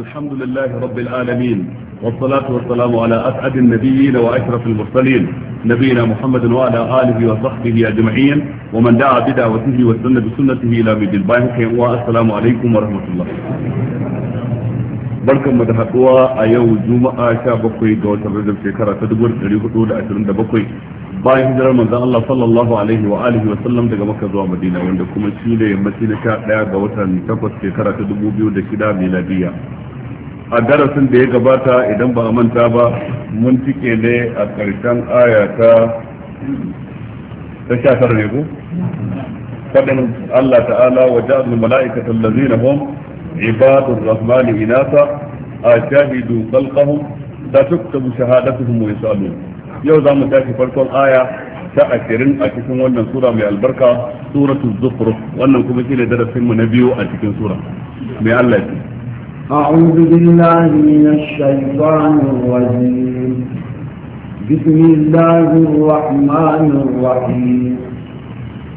الحمد لله رب العالمين والصلاة والسلام على أسعد النبيين وأشرف المرسلين نبينا محمد وعلى آله وصحبه أجمعين ومن دعا بدعوته وسن بسنته إلى مد الباهق والسلام عليكم ورحمة الله barkan mu da haduwa a yau juma'a 17 ga watan Rajab shekara ta 1427 bayan hijirar manzon Allah sallallahu alaihi wa alihi wa sallam daga Makka zuwa Madina wanda kuma shi ne yammaci na 11 ga watan 8 shekara ta 2006 miladiya a darasin da ya gabata idan ba a manta ba mun tike ne a ƙarshen aya ta ta sha tara ne ko fadin Allah ta'ala wa ja'al mala'ikata allazina hum ibadur rahmani inasa ashhadu khalqahum la tuktabu shahadatuhum wa yusalun yau za mu tashi farkon aya ta ashirin a cikin wannan sura mai albarka suratul zukhruf wannan kuma shine darasin mu na biyu a cikin sura mai Allah ya أعوذ بالله من الشيطان الرجيم بسم الله الرحمن الرحيم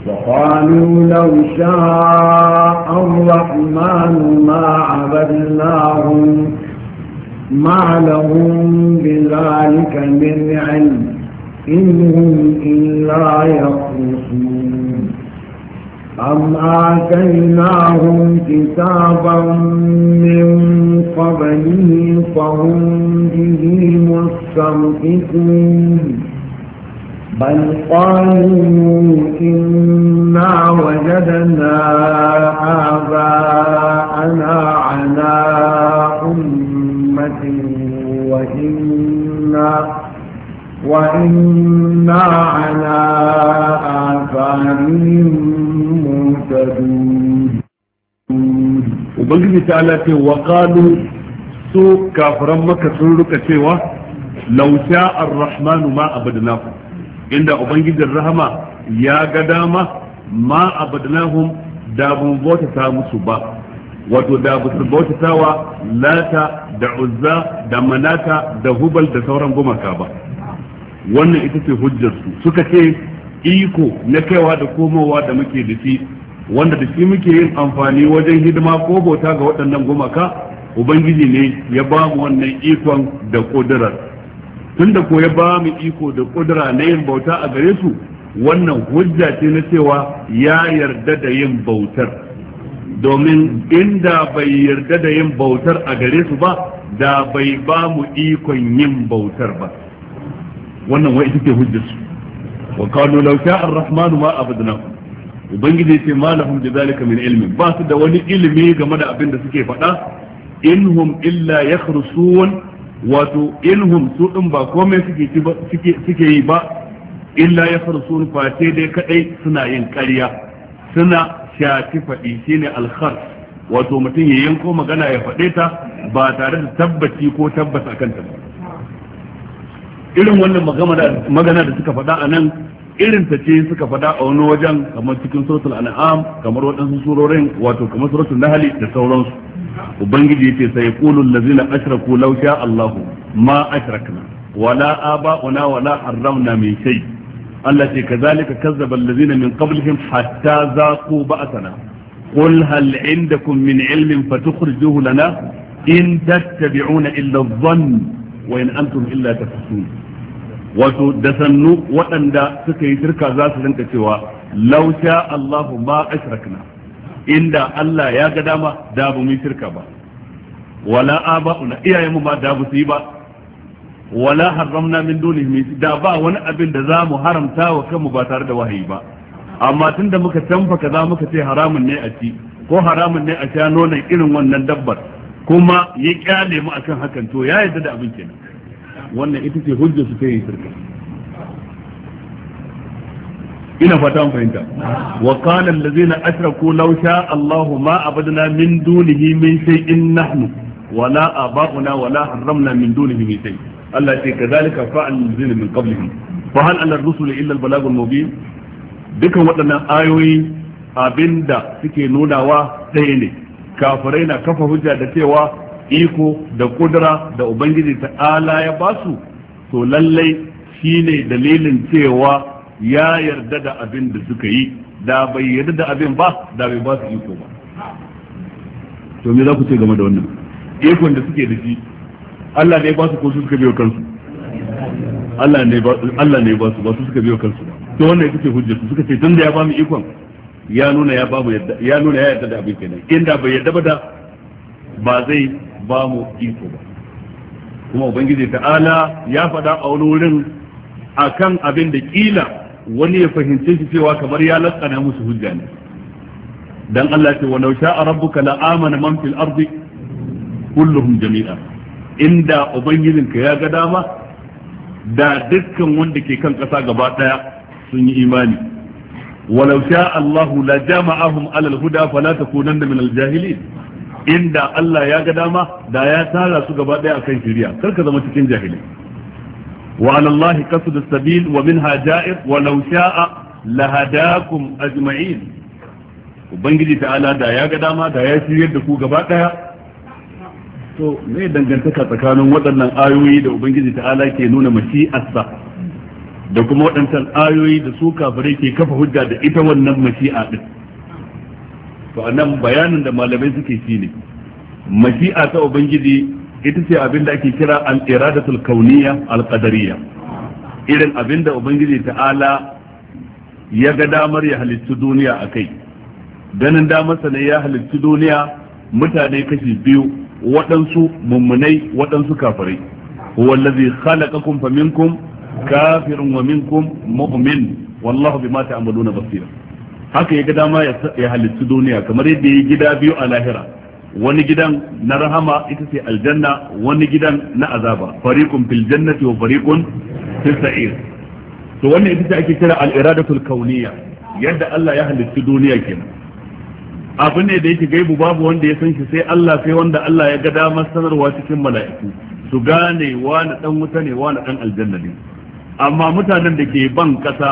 وقالوا لو شاء الرحمن ما عبدناهم ما لهم بذلك من علم إن هم إلا يخرصون أم آتيناهم كتابا من قبله فهم به مستمسكون بل قالوا إنا وجدنا آباءنا على أمة نعمة وإنا وإنا على آثارهم مهتدون Ubangiji ta ala ce wa ƙalu so kafiran maka sun ruka cewa lausha ar-rahmanu ma abadnahu inda ubangijin rahama ya ga dama ma abadnahum da bauta ta musu ba wato da tawa lata da uzza da manata da hubal da sauran gumaka ba wannan ita ce hujjarsu suka ce iko na kaiwa da komowa da muke da shi wanda da shi muke yin amfani wajen hidima ko bauta ga waɗannan gumaka ubangiji ne ya ba mu wannan ikon da ƙudurar tunda ko ya ba mu iko da ƙudura na yin bauta a gare su wannan hujja ce na cewa ya yarda da yin bautar domin inda bai yarda da yin bautar a gare su ba da bai ba mu ikon yin bautar ba wannan wai suke ce su wa qalu law sha'a ar-rahmanu ma ubangiji ce malahum bi zalika min ilmi ba su da wani ilimi game da abin da suke faɗa inhum illa yakhrusun wato inhum su din ba komai suke yi ba illa yakhrusun fa sai dai kadai suna yin ƙarya suna shafi faɗi shine alkhar wato mutum ya yanko magana ya faɗe ta ba tare da tabbaci ko tabbas a kanta ba irin wannan magana da suka faɗa a nan irin ta ce suka faɗa a wani wajen kamar cikin suratul an'am kamar waɗansu surorin wato kamar suratul nahl da sauransu ubangiji yace sai qulul ladzina asharaku law sha Allahu ma asharakna wala aba'una wala haramna min shay'in Allah ce kazalika kazzaba allazina min qablihim hatta zaqu ba'sana qul hal indakum min ilmin fatukhrijuhu lana in tattabi'una illa adh-dhann wa in antum illa tafsun wato da sannu waɗanda suka yi shirka za su rinka cewa law sha Allahu ma ashrakna inda Allah ya ga dama da ba mu shirka ba wala aba'una iyayenmu ma da ba su yi ba wala haramna min dunihi da ba wani abin da za mu haramta wa kanmu ba tare da wahayi ba amma tunda muka canfa kaza muka ce haramun ne a ci ko haramun ne a sha nonon irin wannan dabbar kuma ya kyale mu akan hakan to ya yarda da abin kenan wannan ita ce hujjar su kai shirka ina fata mun fahimta wa qala allazina ashraku law sha Allahu ma abadna min dunihi min shay'in nahnu wala aba'una wala haramna min dunihi min shay'in Allah ce kazalika fa'al ladzina min qablihim fa hal ala rusul illa al-balagh al-mubin dukan waɗannan ayoyi abinda suke nunawa ɗaya ne kafirai na kafa hujja da cewa iko da kudura da ubangiji ta'ala ya ba su, to lallai shine dalilin cewa ya yarda da abin da suka yi da bai yarda da abin ba da bai ba su iko ba to me za ku ce game da wannan ikon da suke da shi Allah ne ba su ko su suka biyo kansu Allah ne ba Allah ne ba su ba su suka biyo kansu to wannan ita ce su suka ce tun da ya ba mu ikon ya nuna ya ba mu yadda ya nuna ya yadda da abin kenan inda bai yadda ba da ba zai ba mu iko ba kuma ubangiji ta'ala ya faɗa a wani wurin akan abin da kila wani ya fahimce shi cewa kamar ya latsana musu hujja ne dan Allah ce wa nausha rabbuka la amana man fil ardi kulluhum jami'an inda ubangijinka ya ga dama da dukkan wanda ke kan ƙasa gaba ɗaya sun yi imani walau sha Allahu la jama'ahum alal huda fala da min aljahili? inda Allah ya ga dama da ya tara su gaba ɗaya akan shirya, kar ka zama cikin jahili wa ala Allah qasdu sabil wa minha ja'ir walau sha'a lahadakum ajma'in ubangiji ta'ala da ya ga dama da ya shiryar da ku gaba ɗaya to me dangantaka tsakanin waɗannan ayoyi da ubangiji ta'ala ke nuna mashi'arsa da kuma waɗancan ayoyi da su kafirai ke kafa hujja da ita wannan mashi'a din to anan bayanin da malamai suke shi ne mashi'a ta ubangiji ita ce abin da ake kira an iradatul kauniyya al-qadariyya irin abin da ubangiji ta'ala ya ga damar ya halittu duniya a kai ganin damarsa ne ya halittu duniya mutane kashi biyu waɗansu mummunai waɗansu kafirai huwa allazi khalaqakum faminkum kafirun wa minkum mu'min wallahu bima ta'maluna basir haka ya ga dama ya halittu duniya kamar yadda ya gida biyu a lahira wani gidan na rahama ita ce aljanna wani gidan na azaba fariqun fil jannati wa fariqun fil sa'ir to wannan ita ce ake kira al iradatul kauniyya yadda Allah ya halittu duniya kenan abu ne da yake gaibu babu wanda ya san shi sai Allah sai wanda Allah ya ga damar sanarwa cikin mala'iku su gane wani dan wuta ne wani dan aljanna ne amma mutanen da ke ban kasa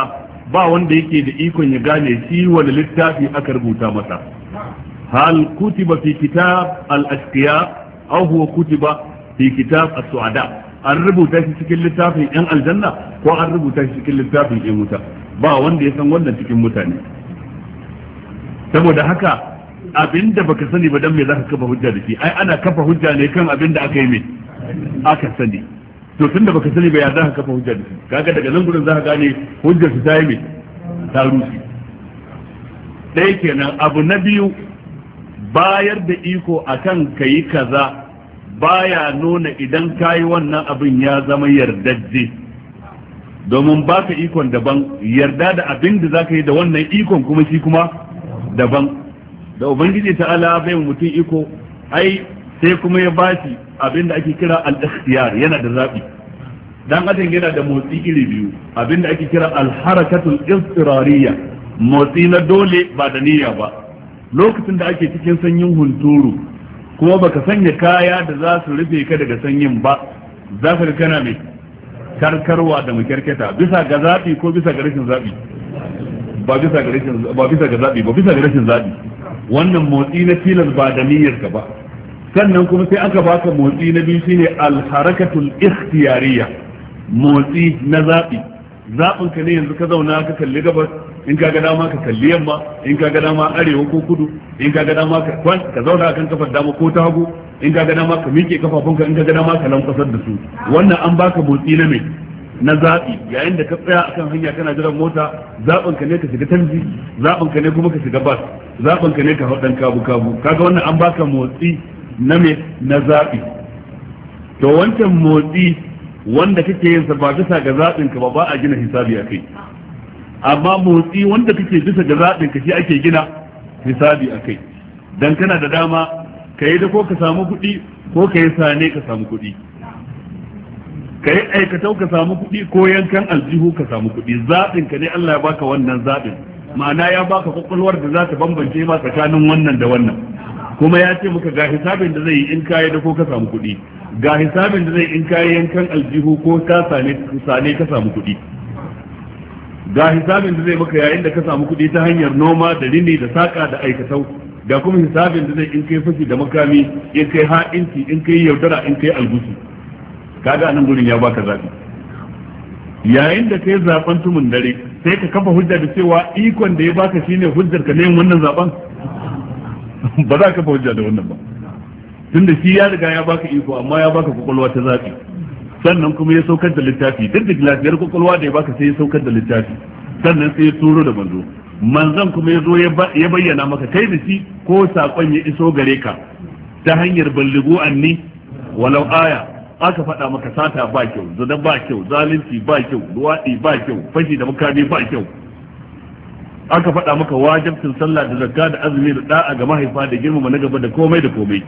ba wanda yake da ikon ya gane shi wani littafi aka rubuta masa hal kutiba fi kitab al ashqiya aw huwa kutiba fi kitab as suada an rubuta shi cikin littafin yan aljanna ko an rubuta shi cikin littafin yan wuta ba wanda ya san wannan cikin mutane saboda haka abinda baka sani ba dan me zaka kafa hujja da shi ai ana kafa hujja ne kan abinda aka yi me aka sani to tunda baka sani ba ya zaka kafa hujja da shi kaga daga nan gurin zaka gane hujjar su ta yi me ta rushe dai kenan abu na biyu bayar da iko akan kai kaza baya nuna idan kayi wannan abin ya zama yardajje domin ba ka ikon daban yarda da abin da za ka yi da wannan ikon kuma shi kuma daban da ubangiji ta ala bai mutum iko ai sai kuma ya bashi abin da ake kira al-ikhtiyar yana da zabi dan adam yana da motsi iri biyu abin da ake kira al-harakatul istirariya motsi na dole ba da niyya ba lokacin da ake cikin sanyin hunturu kuma baka sanya kaya da za su rufe ka daga sanyin ba za ka kana mai karkarwa da makyarketa bisa ga zabi ko bisa ga rashin zabi ba bisa ga rashin ba bisa ga zabi ba bisa ga rashin zabi wannan motsi na tilas ba da niyyar ka ba sannan kuma sai aka baka motsi na biyu shine al-harakatul ikhtiyariya motsi na zabi zaɓin ka ne yanzu ka zauna ka kalli gabas in ka ga dama ka kalli yamma in ka ga dama arewa ko kudu in ka ga dama ka kwan ka zauna kan kafar dama ko ta hagu in ka ga dama ka miƙe kafafunka in ka ga dama ka lankwasar da su wannan an baka motsi na mai na zaɓi yayin da ka tsaya akan hanya kana jiran mota zaɓin ka ne ka shiga tanji zaɓin ka ne kuma ka shiga bas zaɓin ka ne ka hau ɗan kabu kabu kaga wannan an baka motsi na me na zaɓi to wancan motsi wanda kake yin sa ba bisa ga zaɓin ka ba ba a gina hisabi a kai amma motsi wanda kake bisa ga zaɓin ka shi ake gina hisabi a kai dan kana da dama ka yi da ko ka samu kuɗi ko ka yi sane ka samu kuɗi ka yi aikatau ka samu kuɗi ko yankan aljihu ka samu kuɗi zaɓin ka ne Allah ya baka wannan zaɓin ma'ana ya baka kwakwalwar da za ta bambance ma tsakanin wannan da wannan kuma ya ce muka ga hisabin da zai yi in kayi da ko ka samu kuɗi ga hisabin da zai in kayi yankan aljihu ko ka sane ka samu kuɗi ga hisabin da zai maka yayin da ka samu kuɗi ta hanyar noma da rini da saƙa da aikatau ga kuma hisabin da zai in kai fashi da makami in kai ha'inci in kai yaudara in kai albusu. kaga nan gurin ya baka zaɓi yayin da kai zaben tumun dare sai ka kafa hujja da cewa ikon da ya baka shine hujjar ka ne wannan zaben ba za ka kafa hujja da wannan ba tunda shi ya riga ya baka iko amma ya baka kwakwalwa ta zaɓi sannan kuma ya saukar da littafi duk da lafiyar kwakwalwa da ya baka sai ya saukar da littafi sannan sai ya turo da manzo manzon kuma ya zo ya bayyana maka kai da shi ko saƙon ya iso gare ka ta hanyar balligo anni walau aya aka faɗa maka sata ba kyau zina ba kyau zalunci ba kyau luwaɗi ba kyau fashi da makami ba kyau aka faɗa maka wajibcin sallah da zakka da azumi da da'a ga mahaifa da girmama na gaba da komai da komai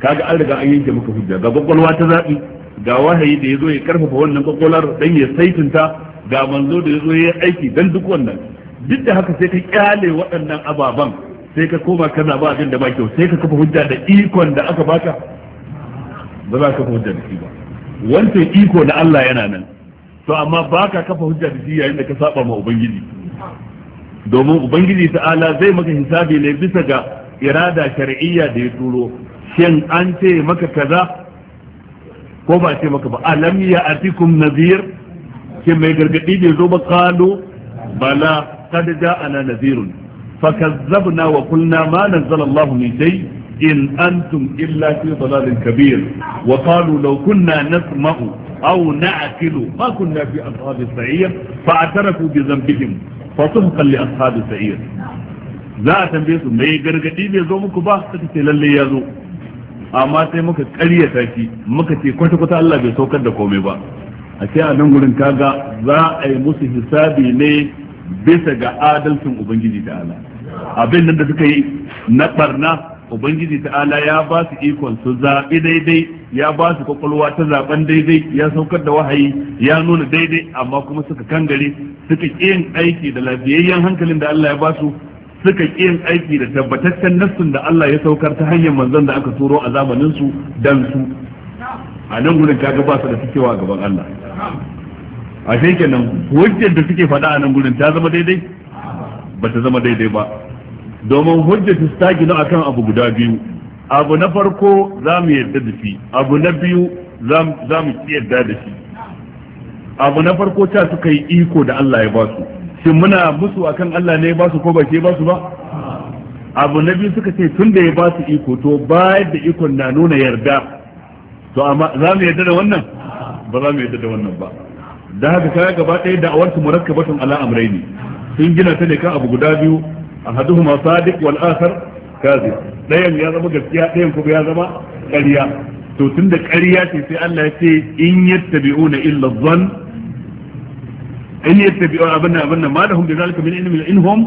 kaga an riga an yanke maka hujja ga kwakwalwa ta zaɓi ga wahayi da ya zo ya karfafa wannan kwakwalwar dan ya saitinta ga manzo da ya zo ya aiki dan duk wannan duk da haka sai ka kyale waɗannan ababen sai ka koma kana ba abin da ba kyau sai ka kafa hujja da ikon da aka baka ba za ka kafa hujja da shi ba wancan iko na Allah yana nan to amma ba ka kafa hujja da shi yayin da ka saba ma ubangiji domin ubangiji ta'ala zai maka hisabi ne bisa ga irada shar'iyya da ya turo shin an ce maka kaza ko ba ce maka ba alam ya atikum nazir ke mai gargadi bai zo ba kalo bala kad ja'ana nazirun fakazzabna wa qulna ma nazzala Allah min إن أنتم إلا في ضلال كبير وقالوا لو كنا نسمع أو نعقل ما كنا في أصحاب السعير فاعترفوا بذنبهم فسحقا لأصحاب السعير za a tambaye su mai gargadi bai zo muku ba suka ce lalle ya zo amma sai muka karyata shi muka ce kwata kwata Allah bai saukar da komai ba a ce a nan gurin kaga za a yi musu hisabi ne bisa ga adalcin ubangiji ta'ala abin nan da suka yi na barna ubangiji ta'ala ya ba su ikon su zaɓi daidai ya ba su kwakwalwa ta zaɓen daidai ya saukar da wahayi ya nuna daidai amma kuma suka kangare suka ƙin aiki da lafiyayyen hankalin da Allah ya ba su suka ƙin aiki da tabbataccen nassun da Allah ya saukar ta hanyar manzon da aka turo a zamanin su dan su a nan gurin kaga ba su da cikewa a gaban Allah a shekenan wajen da suke faɗa a nan gurin ta zama daidai ba ta zama daidai ba domin hujjatu ta gina akan abu guda biyu abu na farko za mu yarda da shi abu na biyu za mu yarda da shi abu na farko ta suka yi iko da Allah ya ba su shin muna musu akan Allah ne ya ba su ko ba ke ba su ba abu na biyu suka ce tun da ya ba su iko to bayar da ikon na nuna yarda to amma za mu yarda da wannan ba za mu yarda da wannan ba da haka kaya gaba ɗaya da awarsu murakkabatun ala amraini sun gina ta ne kan abu guda biyu ahaduhuma sadiq wal akhar kazi dayan ya zama gaskiya dayan kuma ya zama ƙarya to tunda ƙarya ce sai Allah ya ce in yattabi'una illa dhann in yattabi'una abinna abinna ma lahum bi zalika min ilmin in hum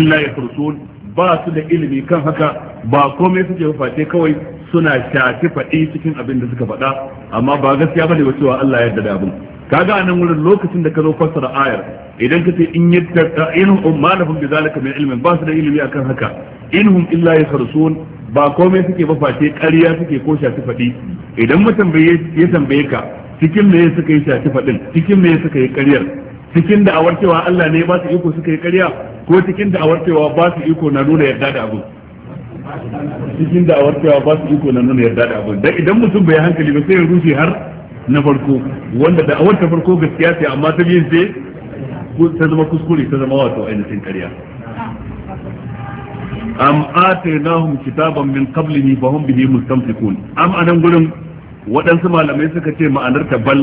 illa yakhrusun ba su da ilimi kan haka ba komai suke face kawai suna shafi faɗi cikin abin da suka faɗa amma ba gaskiya bane ba cewa Allah ya yarda da abin kaga anan wurin lokacin da ka zo fassara ayar idan ka ce in yatta malafin malahum bizalika min ilmin ba su da ilimi akan haka inhum illa yakhrusun ba komai suke ba face ƙarya suke ko shafi faɗi idan mutum ya tambaye ka cikin me suka yi shafi faɗin cikin me suka yi ƙaryar cikin da cewa Allah ne ba su iko suka yi ƙarya ko cikin da cewa ba su iko na nuna yarda da abu cikin da cewa ba su iko na nuna yarda da abu idan mutum bai hankali ba sai ya rushe har na farko wanda da awar ta farko gaskiya ce amma ta biyun ce ta zama kuskure ta zama wato ainihin ƙarya am atainahum kitaban min qablihi fa hum bihi mustamsikun am anan gurin waɗansu malamai suka ce ma'anar ta bal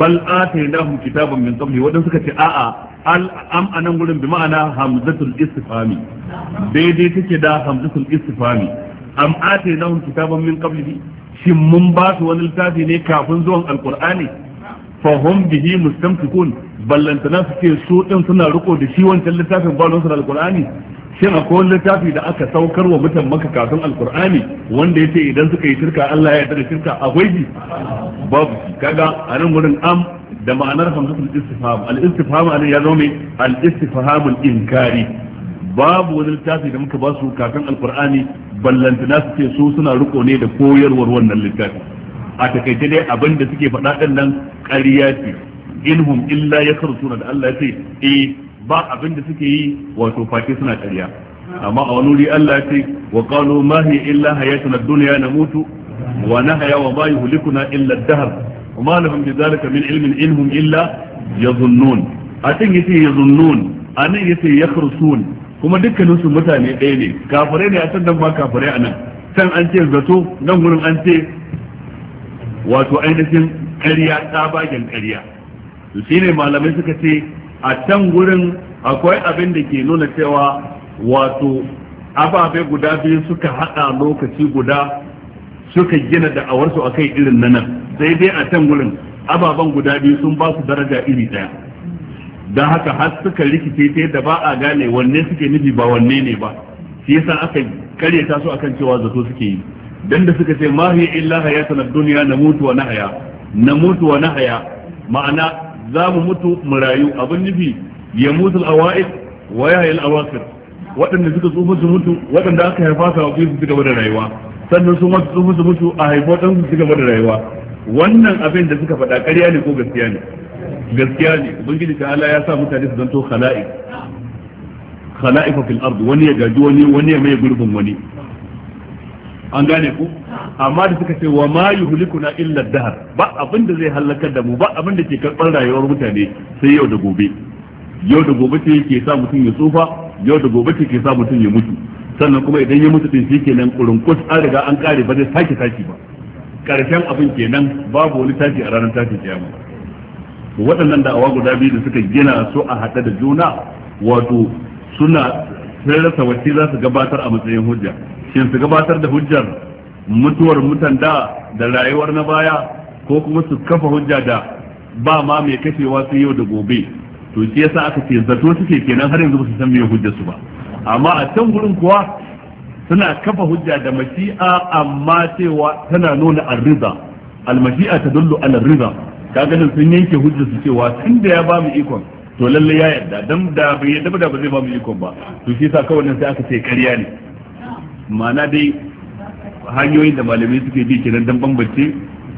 bal atainahum kitaban min qablihi waɗansu suka ce a'a al am anan gurin bi ma'ana hamzatul istifami daidai take da hamzatul istifami am atainahum kitaban min qablihi shin mun ba su wani littafi ne kafin zuwan alqur'ani fa hum bihi mustamtikun ballantana su ce su din suna riko da shi wancan littafin ba da alqur'ani shin akwai wani littafi da aka saukar wa mutan maka kafin alqur'ani wanda yace idan suka yi shirka Allah ya yarda da shirka akwai bi? babu kaga a nan gurin am da ma'anar hamzatul istifham al istifham anan ya zo ne al istifhamul inkari babu wani littafi da muka ba su kafin alkur'ani ballantana su ce su suna riko ne da koyarwar wannan littafi a takaice dai abin da suke faɗa ɗin nan ƙarya ce inhum illa ya suna da Allah ya ce eh ba abin da suke yi wato face suna ƙarya amma a wani wuri Allah ya ce wa qalu ma hiya illa hayatuna dunya namutu wa nahya wa ma yuhlikuna illa ad-dahr wa ma lahum bi dhalika min ilmin inhum illa yadhunnun a can yace yadhunnun anan yace yakhrusun kuma dukkanin su mutane ɗaya ne kafirai ne a can nan ma kafirai a nan can an ce zato nan gurin an ce wato ainihin ƙarya tsabagen ƙarya shi ne malamai suka ce a can gurin akwai abin da ke nuna cewa wato ababe guda biyu suka haɗa lokaci guda suka gina da'awarsu kai irin na nan sai dai a can gurin ababen guda biyu sun ba su daraja iri ɗaya don haka har suka rikice ta yadda ba a gane wanne suke nufi ba wanne ne ba shi yasa aka kare ta su akan cewa zato suke yi dan da suka ce ma hiya illa hayatuna dunya namutu wa nahya namutu wa nahya ma'ana za mu mutu mu rayu abin nufi ya mutu al-awa'id wa ya hayal awakir waɗanda suka tsufa su mutu waɗanda aka haifa su haifi su gaba da rayuwa sannan su masu tsufa su mutu a haifa ɗan su gaba da rayuwa wannan abin da suka faɗa ƙarya ne ko gaskiya ne gaskiya ne ubangiji ta ala ya sa mutane su zanto khala'i fa fil ard wani ya gaji wani wani ya mai gurbin wani an gane ku amma da suka ce wa ma yuhlikuna illa dahr ba abin da zai halakar da mu ba abin da ke karɓar rayuwar mutane sai yau da gobe yau da gobe ce ke sa mutum ya tsufa yau da gobe ce ke sa mutum ya mutu sannan kuma idan ya mutu din shi kenan kurunkus an riga an kare ba zai sake tashi ba karshen abin kenan babu wani tashi a ranar tashi kiyama waɗannan da'awa guda biyu da suka gina su a haɗe da juna wato suna sun rasa wacce za su gabatar a matsayin hujja shin su gabatar da hujjar mutuwar mutanda da rayuwar na baya ko kuma su kafa hujja da ba ma mai kashewa su yau da gobe to shi yasa aka ce zato suke kenan har yanzu ba su san me hujjar su ba amma a can gurin kuwa suna kafa hujja da mashi'a amma cewa tana nuna arriza al-mashi'a tadullu ala arriza kaga nan sun yanke hujjar su cewa tun da ya ba mu ikon to lalle ya yarda dan da bai yarda da ba zai ba mu ikon ba to shi yasa kawai nan sai aka ce ƙarya ne ma'ana dai hanyoyin da malamai suke bi kenan dan bambance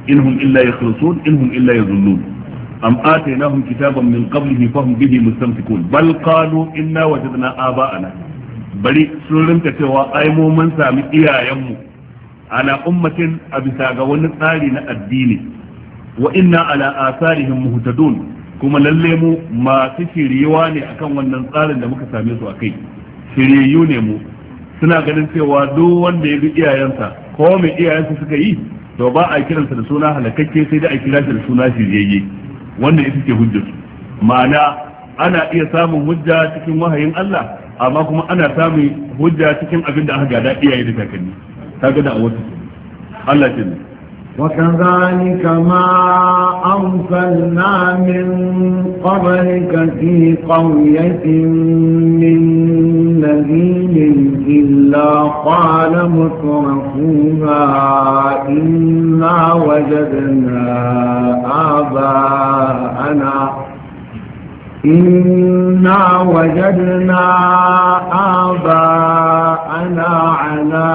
inhum illa yakhrusun inhum illa yazullun am atainahum kitaban min qablihi fahum bihi mustamsikun bal qalu inna wajadna aba'ana bari sun rinka cewa ai mu mun sami iyayenmu ala ummatin a bisa ga wani tsari na addini wa inna ala asarihim muhtadun kuma lalle mu masu shiriyewa ne akan wannan tsarin da muka same su akai shiriyu ne mu suna ganin cewa duk wanda ya bi iyayensa ko mai iyayensa suka yi to ba a kiransa da suna halakakke sai da a kira shi da suna shiryayye wannan ita ce hujjar ma'ana ana iya samun hujja cikin wahayin Allah amma kuma ana samun hujja cikin abin da aka gada iyaye da kakanni kaga da a wasu Allah ce وكذلك ما أرسلنا من قبلك في قرية من نذير إلا قال مترفوها إنا وجدنا آباءنا إنا وجدنا آباءنا على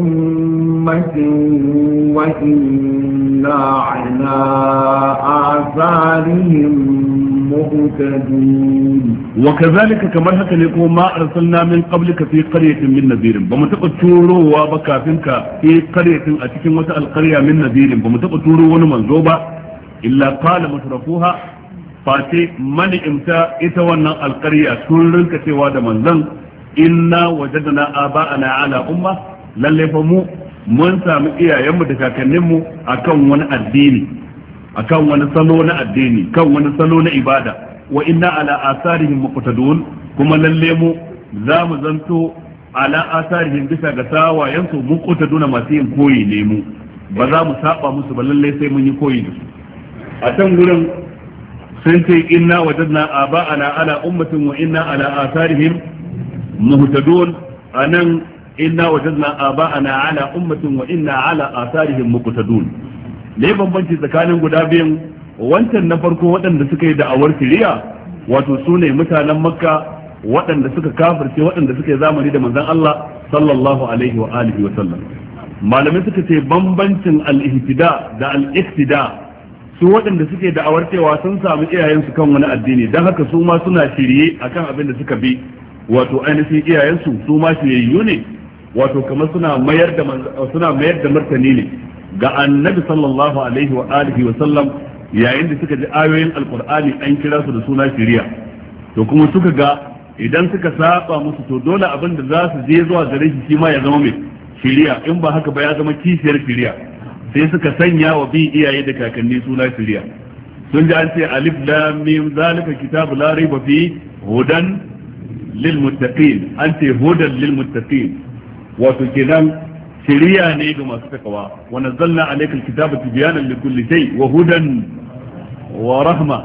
أمة وإنا على آثارهم مهتدون وكذلك كما هكا ما أرسلنا من قبلك في قرية من نذير بما تقول تورو وبكافنك في قرية أتكلم القرية من نذير بما تقول تورو ونمنزوبة إلا قال مشرفوها face mani'imta ita wannan alƙarya sun rinka cewa da manzan inna wajadna aba'ana ala umma lalle fa mu mun samu iyayenmu da kakanninmu akan wani addini akan wani salo na addini kan wani salo na ibada wa inna ala asarihim muqtadun kuma lalle mu za mu zanto ala asarihim bisa ga sawayensu muqtaduna masu yin koyi ne mu ba za mu saba musu ba lalle sai mun yi koyi da su a can gurin sun ce inna wajadna aba'ana ala ummatin wa inna ala atharihim muhtadun anan inna wajadna aba'ana ala ummatin wa inna ala atharihim muqtadun ne bambanci tsakanin guda biyan wancan na farko waɗanda suka yi da'awar firiya. wato su ne mutanen makka waɗanda suka kafirce waɗanda suka yi zamani da manzon Allah sallallahu alaihi wa alihi wa sallam malamai suka ce bambancin al-ihtida da al-ihtida su waɗanda suke da'awar cewa sun samu iyayensu kan wani addini don haka su ma suna shirye akan abin da suka bi wato ainihin iyayensu su ma shiryayyu ne wato kamar suna mayar da martani ne ga annabi sallallahu alaihi wa alihi wa sallam yayin da suka ji ayoyin Alkur'ani an kira su da suna shiriya to kuma suka ga idan suka saba musu to dole abin da za su je zuwa gare shi shi ma ya zama mai shiriya in ba haka ba ya zama kishiyar shiriya sai suka sanya wa bin iyaye da kakanni suna shirya sun ji an ce alif lam mim zalika kitabu la raiba fi hudan lil muttaqin an ce hudan lil muttaqin wato kenan shiriya ne ga masu takawa wa nazzalna alayka alkitaba tibyanan likulli shay wa hudan wa rahma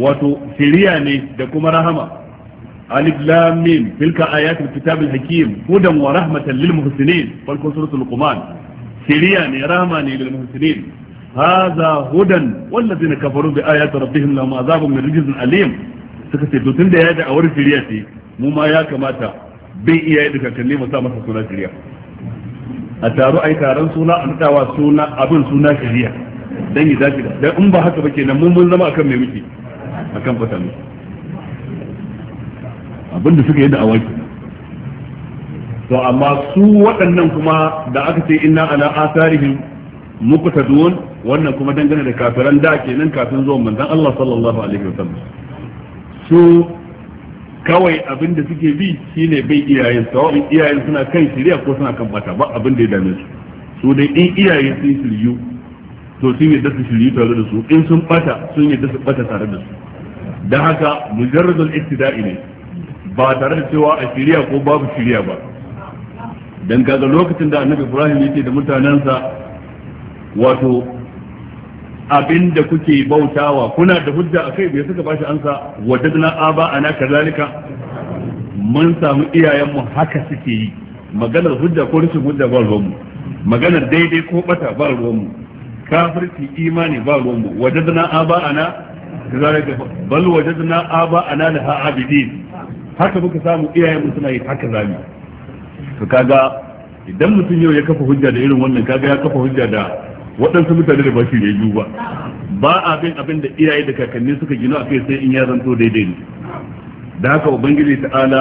wato shiriya ne da kuma rahama alif lam mim tilka ayatul kitabil hakim hudan wa rahmatan lil muhsinin farkon suratul luqman shiriya ne rama ne lil muhsinin hadha hudan wallazina kafaru bi ayati rabbihim lahum azabun min rijzin alim suka ce to tunda ya da awar shiriya ce mu ma ya kamata bai iya yadda kakanni mu sa masa suna shiriya a taro ai taron suna a nadawa suna abin suna shiriya dan yi dace da dan in ba haka ba kenan mun mun zama akan mai muke akan fata abinda suka yi da awaki to amma su waɗannan kuma da aka ce inna ala asarihim duwan wannan kuma dangane da kafiran da ke nan kafin zuwan manzon Allah sallallahu alaihi wasallam su kawai abin da suke bi shine bai iyayen sawa'in iyayen suna kan shirya ko suna kan bata ba abin da ya dame su su dai in iyaye sun shiryu to sun yi su shiryu tare da su in sun bata sun yi su bata tare da su Da haka mujarradul ibtida'i ne ba tare da cewa a shirya ko babu shirya ba dan kaga lokacin da annabi ibrahim yake da mutanansa wato abin da kuke bautawa kuna da hujja akai bai suka bashi ansa wajadna aba ana kazalika mun samu iyayenmu haka suke yi maganar hujja ko rashin hujja ba ruwanmu maganar daidai ko bata ba ruwanmu kafirci imani ba ruwanmu wajadna aba ana kazalika bal wajadna aba ana laha abidin haka muka samu iyayenmu suna yi haka zamu to kaga idan mutum yau ya kafa hujja da irin wannan kaga ya kafa hujja da waɗansu mutane da ba shi da ba ba a bin abin da iyaye da kakanni suka gina a kai sai in ya zanto daidai ne da haka ubangiji ta'ala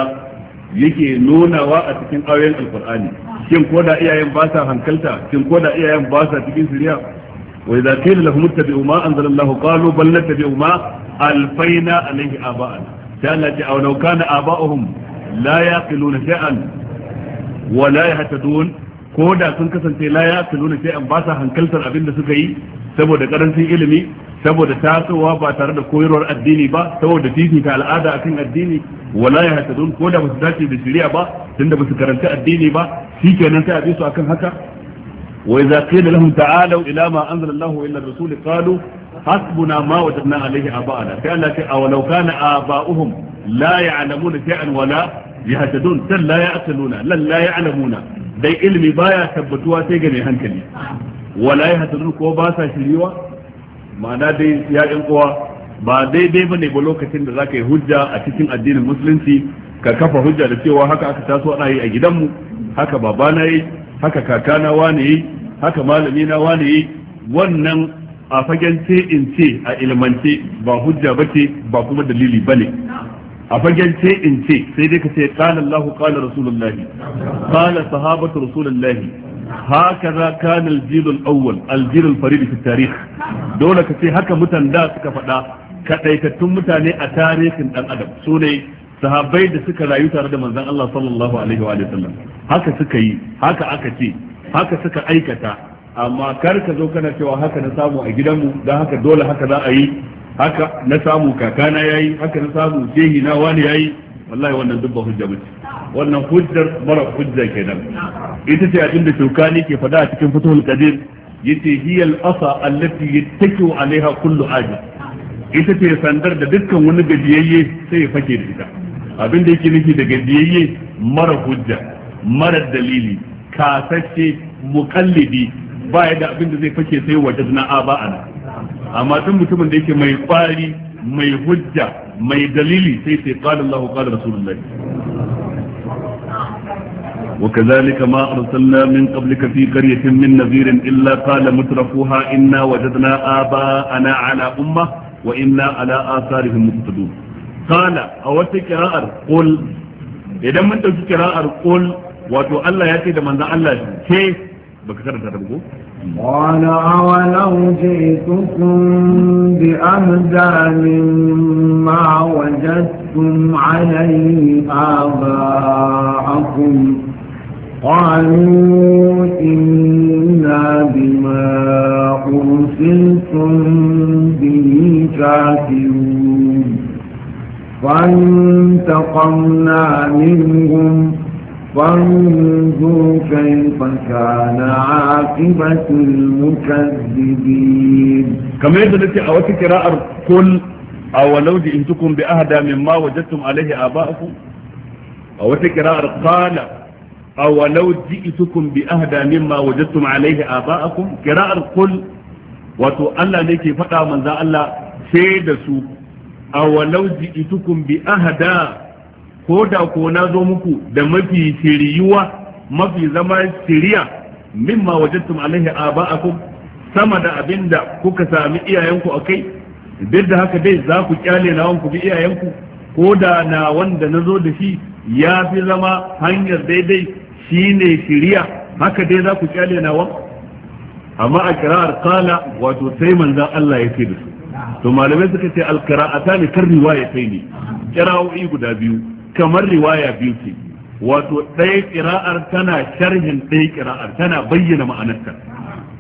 yake nunawa a cikin ayoyin alkur'ani kin ko da iyayen ba sa hankalta kin ko iyayen ba sa cikin shirya wa idza qila lahum ittabi'u ma anzalallahu qalu bal nattabi'u ma alfaina alayhi aba'ana sai Allah ya ce aw law kana aba'uhum la yaqiluna shay'an ya la yahtadun ko da sun kasance la yaqiluna shay'an ba sa hankaltar abin da suka yi saboda karancin ilimi saboda tasowa ba tare da koyarwar addini ba saboda fifita al'ada akan addini wala ya hatadun ko da ba su dace da shari'a ba tunda ba su karanta addini ba shikenan sai a bi su akan haka wa idza qila lahum ta'alu ila ma anzala Allah wa ila rasul qalu hasbuna ma wajadna alayhi aba'ana sai Allah ce aw kana aba'uhum la ya'lamuna shay'an wala yahtadun dan la ya'taluna lan la ya'lamuna dai ilimi baya tabbatuwa sai ga mai hankali wala yahtadun ko ba sa shiriwa ma'ana dai ya ɗan uwa ba daidai bane ba lokacin da zaka yi hujja a cikin addinin musulunci ka kafa hujja da cewa haka aka taso ana yi a gidanmu haka babana yi haka kakana wani yi haka malami na wani yi wannan a fagen ce in ce a ilmance ba hujja bace ba kuma dalili bane a fagen ce in ce sai dai ka ce qala Allah qala rasulullah qala sahabatu rasulullah hakaza kana al-jil al-awwal al al-farid fi tarikh dole ka ce haka mutan da suka faɗa kadaitattun mutane a tarihin dan adam sune sahabbai da suka rayu tare da manzon Allah sallallahu alaihi wa sallam haka suka yi haka aka ce haka suka aikata amma kar ka zo kana cewa haka na samu a gidanmu don haka dole haka za a yi haka na samu kakana yayi haka na samu shehi na wani yayi wallahi wannan dubba hujja bace wannan hujjar mara hujja kenan ita ce abin da shukani ke fada a cikin fatuhul qadir yace hiya al-asa allati yattakiu alaiha kullu ajib ita ce sandar da dukkan wani gajiyayye sai ya fake da ita abin da yake nufi da gajiyayye mara hujja mara dalili kasace mukallidi ba ya da abin da zai fake sai wajen na'a ba'ana amma duk mutumin da yake mai kwari mai hujja mai dalili sai sai qala Allahu qala rasulullahi وكذلك ما أرسلنا من قبلك في قرية من نذير إلا قال مترفوها إنا وجدنا آباءنا على أمة وإنا على آثارهم مقتدون قال أو قراءة قل إذا من تجد قراءة قل وتؤلى يأتي من الله كيف قال أولو جئتكم بأمدى مما وجدتم عليه آباءكم قالوا إنا بما أرسلتم به كافرون فانتقمنا منهم فانظر كيف كان عاقبة المكذبين كما يدلت أو قراءة كل أو لو جئتكم بأهدى مما وجدتم عليه آباءكم أو قراءة قال أو لو جئتكم بأهدى مما وجدتم عليه آباءكم قراءة قل wato Allah ne ke faɗa manzan Allah sai da su a walau ji'itukum bi ahada ko da ko na zo muku da mafi shiriyuwa mafi zama shiriya mimma wajadtum alaihi aba'akum sama da abinda kuka sami iyayenku akai duk da haka dai za ku kyale nawan ku bi iyayenku ko da na wanda na zo da shi ya fi zama hanyar daidai shine shiriya haka dai za ku kyale nawan amma a kira'ar kala wato sai manzan Allah ya ce da su to malamai suka ce alkira'ata ne kan riwaya sai ne kira'o'i guda biyu kamar riwaya biyu ce wato ɗaya ƙira'ar tana sharhin ɗaya ƙira'ar tana bayyana ma'anarta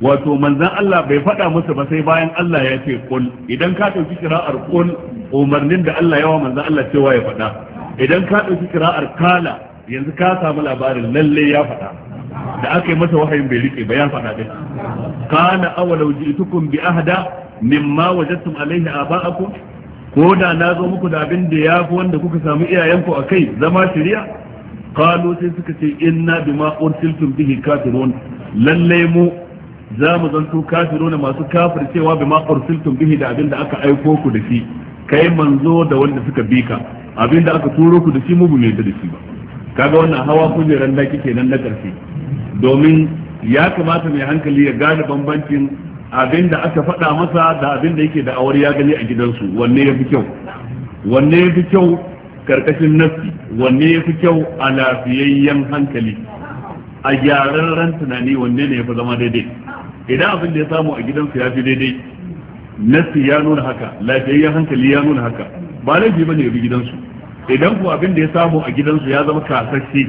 wato manzan Allah bai faɗa musu ba sai bayan Allah ya ce kun idan ka ɗauki ƙira'ar kun umarnin da Allah yawa manzan Allah cewa ya faɗa idan ka ɗauki ƙira'ar kala yanzu ka samu labarin lalle ya faɗa da aka yi masa wahayin bai riƙe ba ya faɗa dai kana awalau ji'tukum bi ahada mimma wajadtum alaihi aba'akum ko da na zo muku da abin da ya fi wanda kuka samu iyayenku a kai zama shirya qalu sai suka ce inna bima ursiltum bihi kafirun lalle mu za mu zanto kafiruna masu kafir cewa bima ursiltum bihi da abin da aka aiko ku da shi kai manzo da wanda suka bi ka abin da aka turo ku da shi mu bu da shi ba kaga wannan hawa kujeran da kike nan na karfi domin ya kamata mai hankali ya gane bambancin abin da aka faɗa masa da abin da yake da awar ya gani a gidansu wanne ya fi kyau wanne ya fi kyau karkashin nafsi wanne ya fi kyau a lafiyayyen hankali a gyararren tunani wanne ne ya fi zama daidai idan abin da ya samu a gidansu ya fi daidai nafsi ya nuna haka lafiyayyen hankali ya nuna haka ba laifi bane ya bi gidansu idan kuwa abin da ya samu a gidansu ya zama kasashe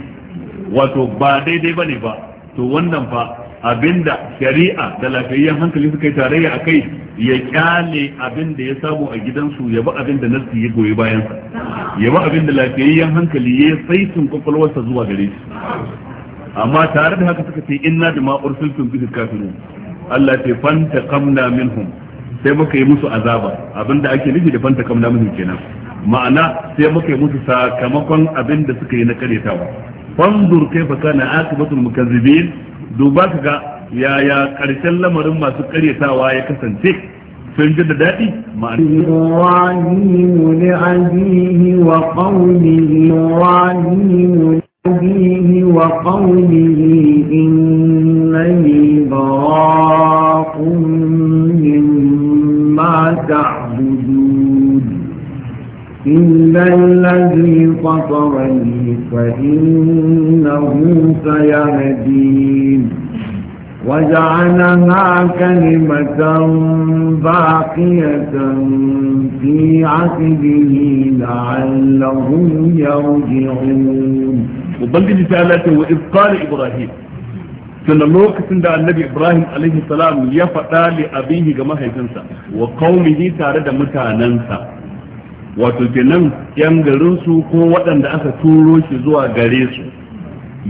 wato ba daidai bane ba to wannan fa abinda shari'a da lafiyayyen hankali suka yi tarayya a kai ya kyale abinda ya samu a gidansu ya bi abinda nassi ya goyi bayansa ya bi abinda lafiyayyen hankali ya saitin kwakwalwarsa zuwa gare shi amma tare da haka suka ce inna da ma'ur sulfin bihi kafirun Allah ce fanta kamna minhum sai muka yi musu azaba abinda ake nufi da fanta kamna minhum kenan ma'ana sai muka yi musu sakamakon abinda suka yi na karyatawa fanzur kaifa kana akibatul mukazzibin duba ka ga yaya karshen lamarin masu karyatawa ya kasance sun ji da daɗi ma'ana Ibrahim li abihi wa qawmihi إلا الذي فطرني فإنه سيهدين وجعلها كلمة باقية في عقبه لعلهم يرجعون وإذ قال إبراهيم sannan lokacin da annabi ibrahim alaihi ya faɗa abin yi ga mahaifinsa wa tare da mutanansa wato kenan yan garinsu ko waɗanda aka turo shi zuwa gare su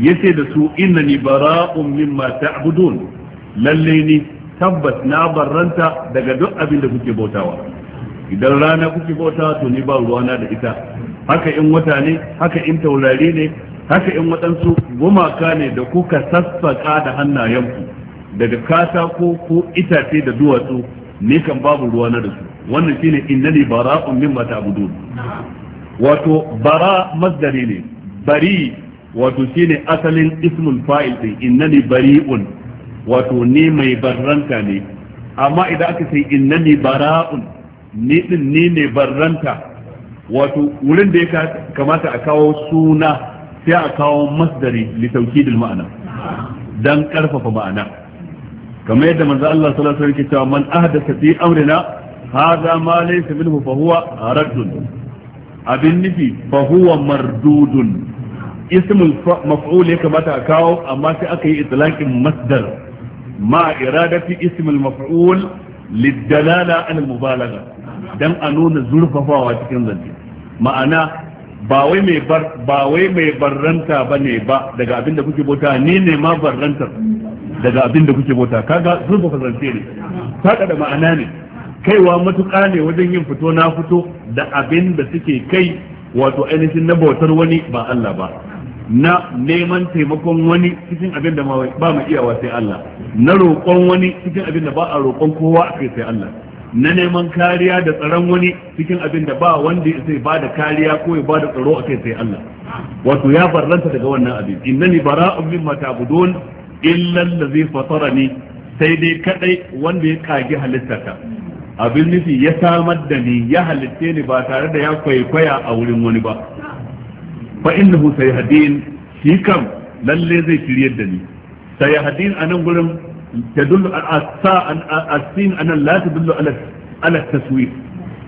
yace da su ni bara'un mimma ta'budun lalle ni tabbas na barranta daga duk abin da kuke bautawa idan rana kuke bautawa to ni ba ruwana da ita haka in wata ne haka in taurari ne haka in waɗansu gumaka ne da kuka sassaƙa da hannayenku daga katako ko itace da duwatsu ni kan babu ruwana da su wannan shine innani bara'un mimma ta'budun wato bara masdari ne bari wato shine asalin ismul fa'il din innani bari'un wato ni mai barranta ne amma idan aka ce innani bara'un ni din ni ne barranta wato wurin da ya kamata a kawo suna sai a kawo masdari li tawkidil ma'ana dan karfafa ma'ana kamar yadda manzo Allah sallallahu alaihi wasallam ke cewa man ahdatha fi amrina hada ma laysa minhu fa huwa raddun abin nufi fa huwa mardudun ismul maf'ul ya kamata a kawo amma sai aka yi itlaqin masdar ma iradati ismul maf'ul lidalala al mubalagha dan a nuna zurfafawa cikin zance ma'ana ba wai mai bar ba wai mai barranta bane ba daga abin da kuke bota ni ne ma barrantar daga abin da kuke bota kaga zurfafa zance ne ta da ma'ana ne kaiwa matuƙa ne wajen yin fito na fito da abin da suke kai wato ainihin na bautar wani ba Allah ba na neman taimakon wani cikin abin da ba mu iyawa sai Allah na roƙon wani cikin abin da ba a roƙon kowa a kai sai Allah na neman kariya da tsaron wani cikin abin da ba wanda sai ba da kariya ko ya ba da tsaro a kai sai Allah wato ya barranta daga wannan abin innani bara'un mimma ta'budun illa allazi fatarani sai dai kadai wanda ya kage halittata abin nufi ya samar da ni ya halitte ni ba tare da ya kwaikwaya a wurin wani ba fa innahu sayhadin shi kam lalle zai shiryar da ni sayhadin anan gurin tadullu al-asa an asin anan la tadullu ala ala taswir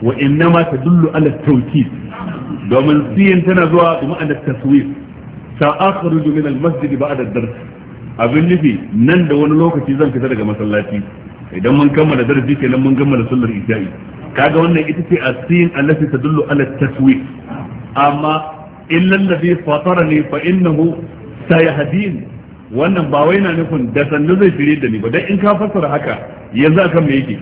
wa innama tadullu ala tawkid domin siyan tana zuwa kuma ala taswir sa akhruju min al-masjid ba'da ad-dars abin nufi nan da wani lokaci zan fita daga masallaci idan mun kammala darasi kenan mun kammala sallar isha'i kaga wannan ita ce asin allati tadullu ala taswi amma illa alladhi fatarani fa innahu sayahdin wannan ba wai na nufin da sannu zai shirye da ni ba dan in ka fassara haka yanzu akan me yake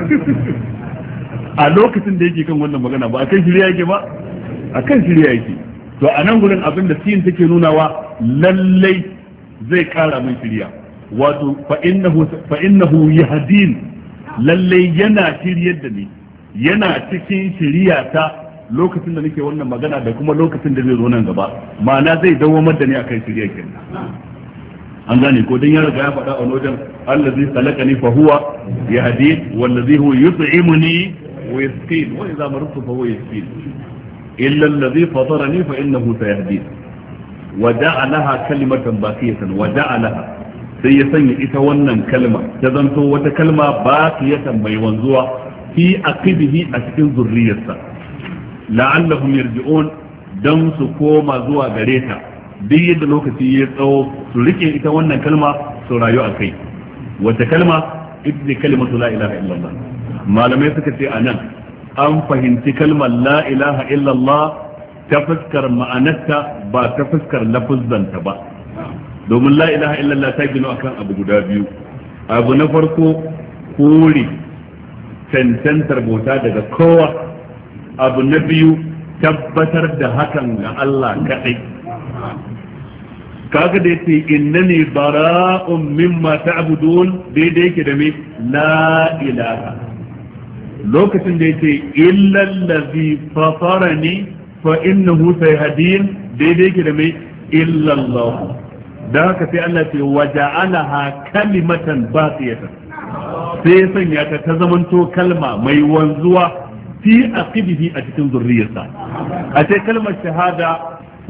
a lokacin da yake kan wannan magana ba akan shirya yake ba akan shirya yake to a nan gurin abin da sin take nunawa lallai zai kara min shirya wato fa innahu yahdin lalle yana shiryar da ni yana cikin shiriya ta lokacin da nake wannan magana da kuma lokacin da zai zo nan gaba ma'ana zai dawamar da ni akan shiriya kenan an gane ko dan ya riga ya faɗa a wajen allazi salakani fa huwa yahdi wallazi huwa yut'imuni wa yasqin wa idza maridtu fa huwa yasqin illa allazi fatarani fa innahu sayahdin wa da'a laha kalimatan baqiyatan wa da'a laha sai ya sanya ita wannan kalma ta zanto wata kalma ba ya mai wanzuwa fi aqibihi a cikin zurriyarsa la'allahum yarji'un dan su koma zuwa gare ta duk yadda lokaci ya tsawo su rike ita wannan kalma su rayu a kai wata kalma ita ce kalmatu la ilaha illallah malamai suka ce a nan an fahimci kalmar la ilaha illallah ta fuskar ma'anarta ba ta fuskar lafuzzanta ba domin la ilaha illallah ta gino akan abu guda biyu abu na farko kore cancantar bauta daga kowa abu na biyu tabbatar da hakan ga Allah kaɗai kaga da yace innani bara'un mimma ta'budun daidai yake da me la ilaha lokacin da yace illa allazi fatarani fa innahu sayhadin daidai yake da me illa Allah da haka sai Allah ce waja'alaha kalimatan baqiyatan sai ya sanya ta ta zamanto kalma mai wanzuwa fi aqibihi a cikin zurriyarsa a ce kalmar shahada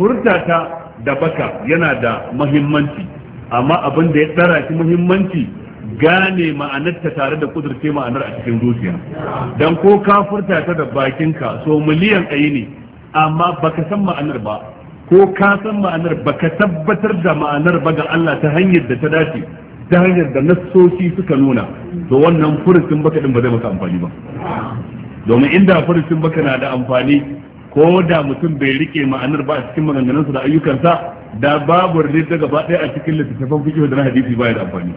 furtata da baka yana da muhimmanci amma abin da ya tsara shi muhimmanci gane ma'anarta tare da kudurce ma'anar a cikin zuciya dan ko ka furta ta da bakinka so miliyan ayi ne amma baka san ma'anar ba ko ka san ma'anar baka tabbatar da ma'anar ba ga Allah ta hanyar da ta dace ta hanyar da nassoci suka nuna to wannan furucin baka din ba zai maka amfani ba domin inda furucin baka na da amfani ko da mutum bai rike ma'anar ba a cikin maganganunsa da ayyukansa da babu da gaba ɗaya a cikin littattafan fiqh da na hadisi ba da amfani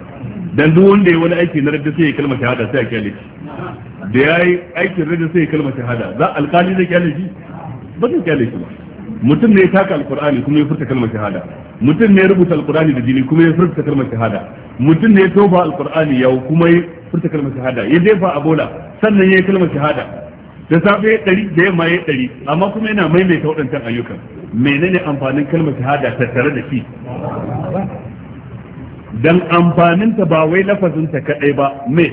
dan duk wanda yayi wani aiki na ridda sai ya kalma shahada sai a kyale da yayi aikin ridda sai ya kalma shahada za alƙali zai kyale shi ba zai kyale shi ba mutum ne ya taka alkur'ani kuma ya furta kalmar shahada mutum ne ya rubuta alkur'ani da jini kuma ya furta kalmar shahada mutum ne ya toba alkur'ani yau kuma ya furta kalmar shahada ya jefa a bola sannan ya yi kalmar shahada da safe ya ɗari da yamma ya ɗari amma kuma yana maimaita waɗancan ayyukan menene amfanin kalmar shahada tare da shi dan amfaninta ba wai lafazinta kaɗai ba me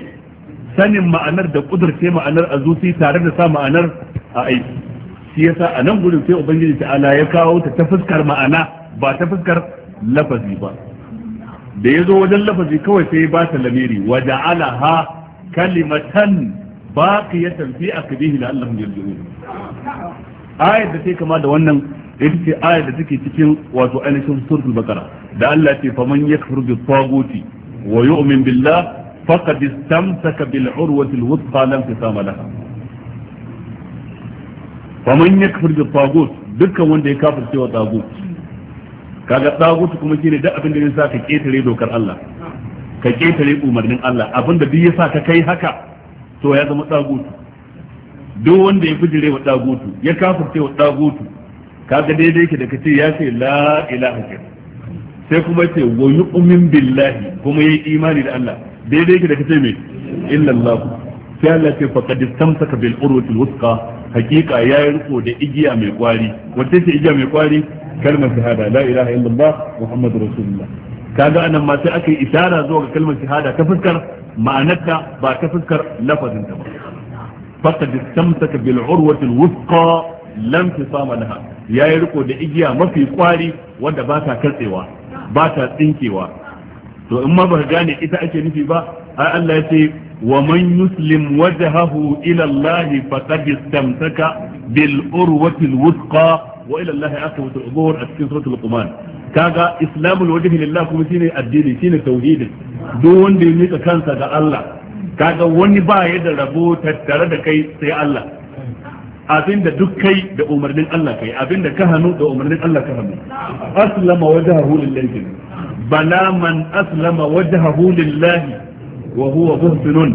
sanin ma'anar da kudurce ma'anar a zuci tare da sa ma'anar a aiki shi yasa a nan gudun sai ubangiji ta'ala ya kawo ta ta fuskar ma'ana ba ta fuskar lafazi ba da ya zo wajen lafazi kawai sai ya ba ta lamiri wa ja'alaha kalimatan baqiyatan fi aqdihi la'allahum yarji'un ayat da take kama da wannan ita ce ayat da take cikin wato ainihin suratul baqara da Allah ce faman yakfur bi taghuti wa yu'min billah faqad istamsaka bil urwati wuthqa lam tisama laha faman yakfur da tagut dukkan wanda ya kafar cewa tagut kaga tagut kuma shine duk abin da ya sa ka ketare dokar Allah ka ketare umarnin Allah abin da duk ya ka kai haka to ya zama tagut duk wanda ya fijire wa tagut ya kafirce cewa tagut kaga daidai yake da kace ya ce la ilaha illallah sai kuma ce wa yu'min billahi kuma yayi imani da Allah daidai yake da kace me illallah sai Allah ce fa qad istamsaka bil urwati wuthqa hakika yayi riko da igiya mai kwari wace ce igiya mai kwari kalmar shahada la ilaha illallah muhammadur rasulullah kaga anan ma sai aka yi isara zuwa ga kalmar shahada ta fuskar ma'anarta ba ta fuskar ta ba faqad istamsaka bil urwati wuthqa lam tisama laha yayi riko da igiya mafi kwari wanda ba ta katsewa ba ta tsinkewa to in ma ba gane ita ake nufi ba ai Allah ya ce ومن يسلم وجهه إلى الله فقد استمسك بالأروة الوثقى وإلى الله عاقبة الأمور أتكين سورة القمان كاغا إسلام الوجه لله كما سيني الدين سيني توحيد دون دي ميكا كانسا دا الله كاغا وني با يدا ربو تترى دا كي سي الله abin da duk kai da umarnin Allah kai abin da ka hannu da umarnin Allah ka hannu aslama wajhahu lillahi bala man aslama wajhahu lillahi wa huwa muhsinun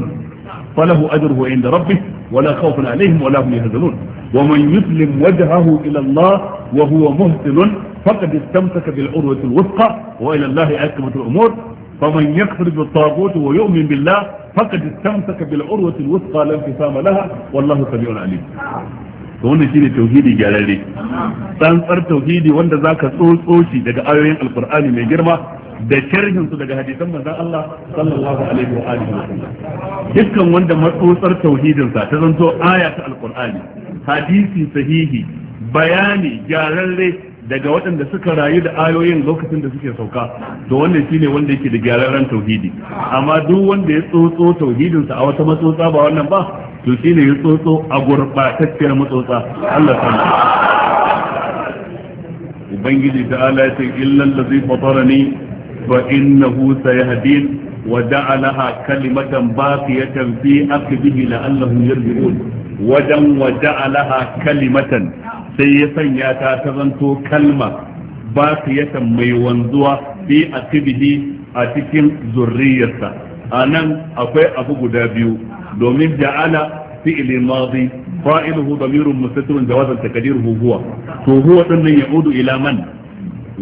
فله أجره عند ربه ولا خوف عليهم ولا هم يحزنون ومن يسلم وجهه إلى الله وهو محسن فقد استمسك بالعروة الوثقى وإلى الله أكمة الأمور فمن يكفر بالطاغوت ويؤمن بالله فقد استمسك بالعروة الوثقى لا انقسام لها والله سميع عليم to wannan shine tauhidi gyararre tsantsar tauhidi wanda zaka tsotso shi daga ayoyin alqur'ani mai girma da sharhin su daga hadisan manzon Allah sallallahu alaihi wa alihi dukkan wanda matsotsar tauhidin sa ta zanto aya ta alqur'ani hadisi sahihi bayani gyararre daga waɗanda suka rayu da ayoyin lokacin da suke sauka to wannan shine wanda yake da gyararren tauhidi amma duk wanda ya tsotso tauhidin sa a wata matsotsa ba wannan ba to shine ya tsotso a gurbatacciyar matsotsa Allah sallallahu ubangiji ta ya ce illal ladzi fatarani فإنه سيهدين ودعا لها كلمة باقية في أقبه لعلهم يرجعون ودن ودعا لها كلمة سيسا يتاتغنتو كلمة باقية ميوانزوة في أقبه أتكين ذرية أنا أقوي أبو قدابيو دومين جعل فعل ماضي فائله ضمير مستتر جوازا تقديره هو فهو يعود إلى من؟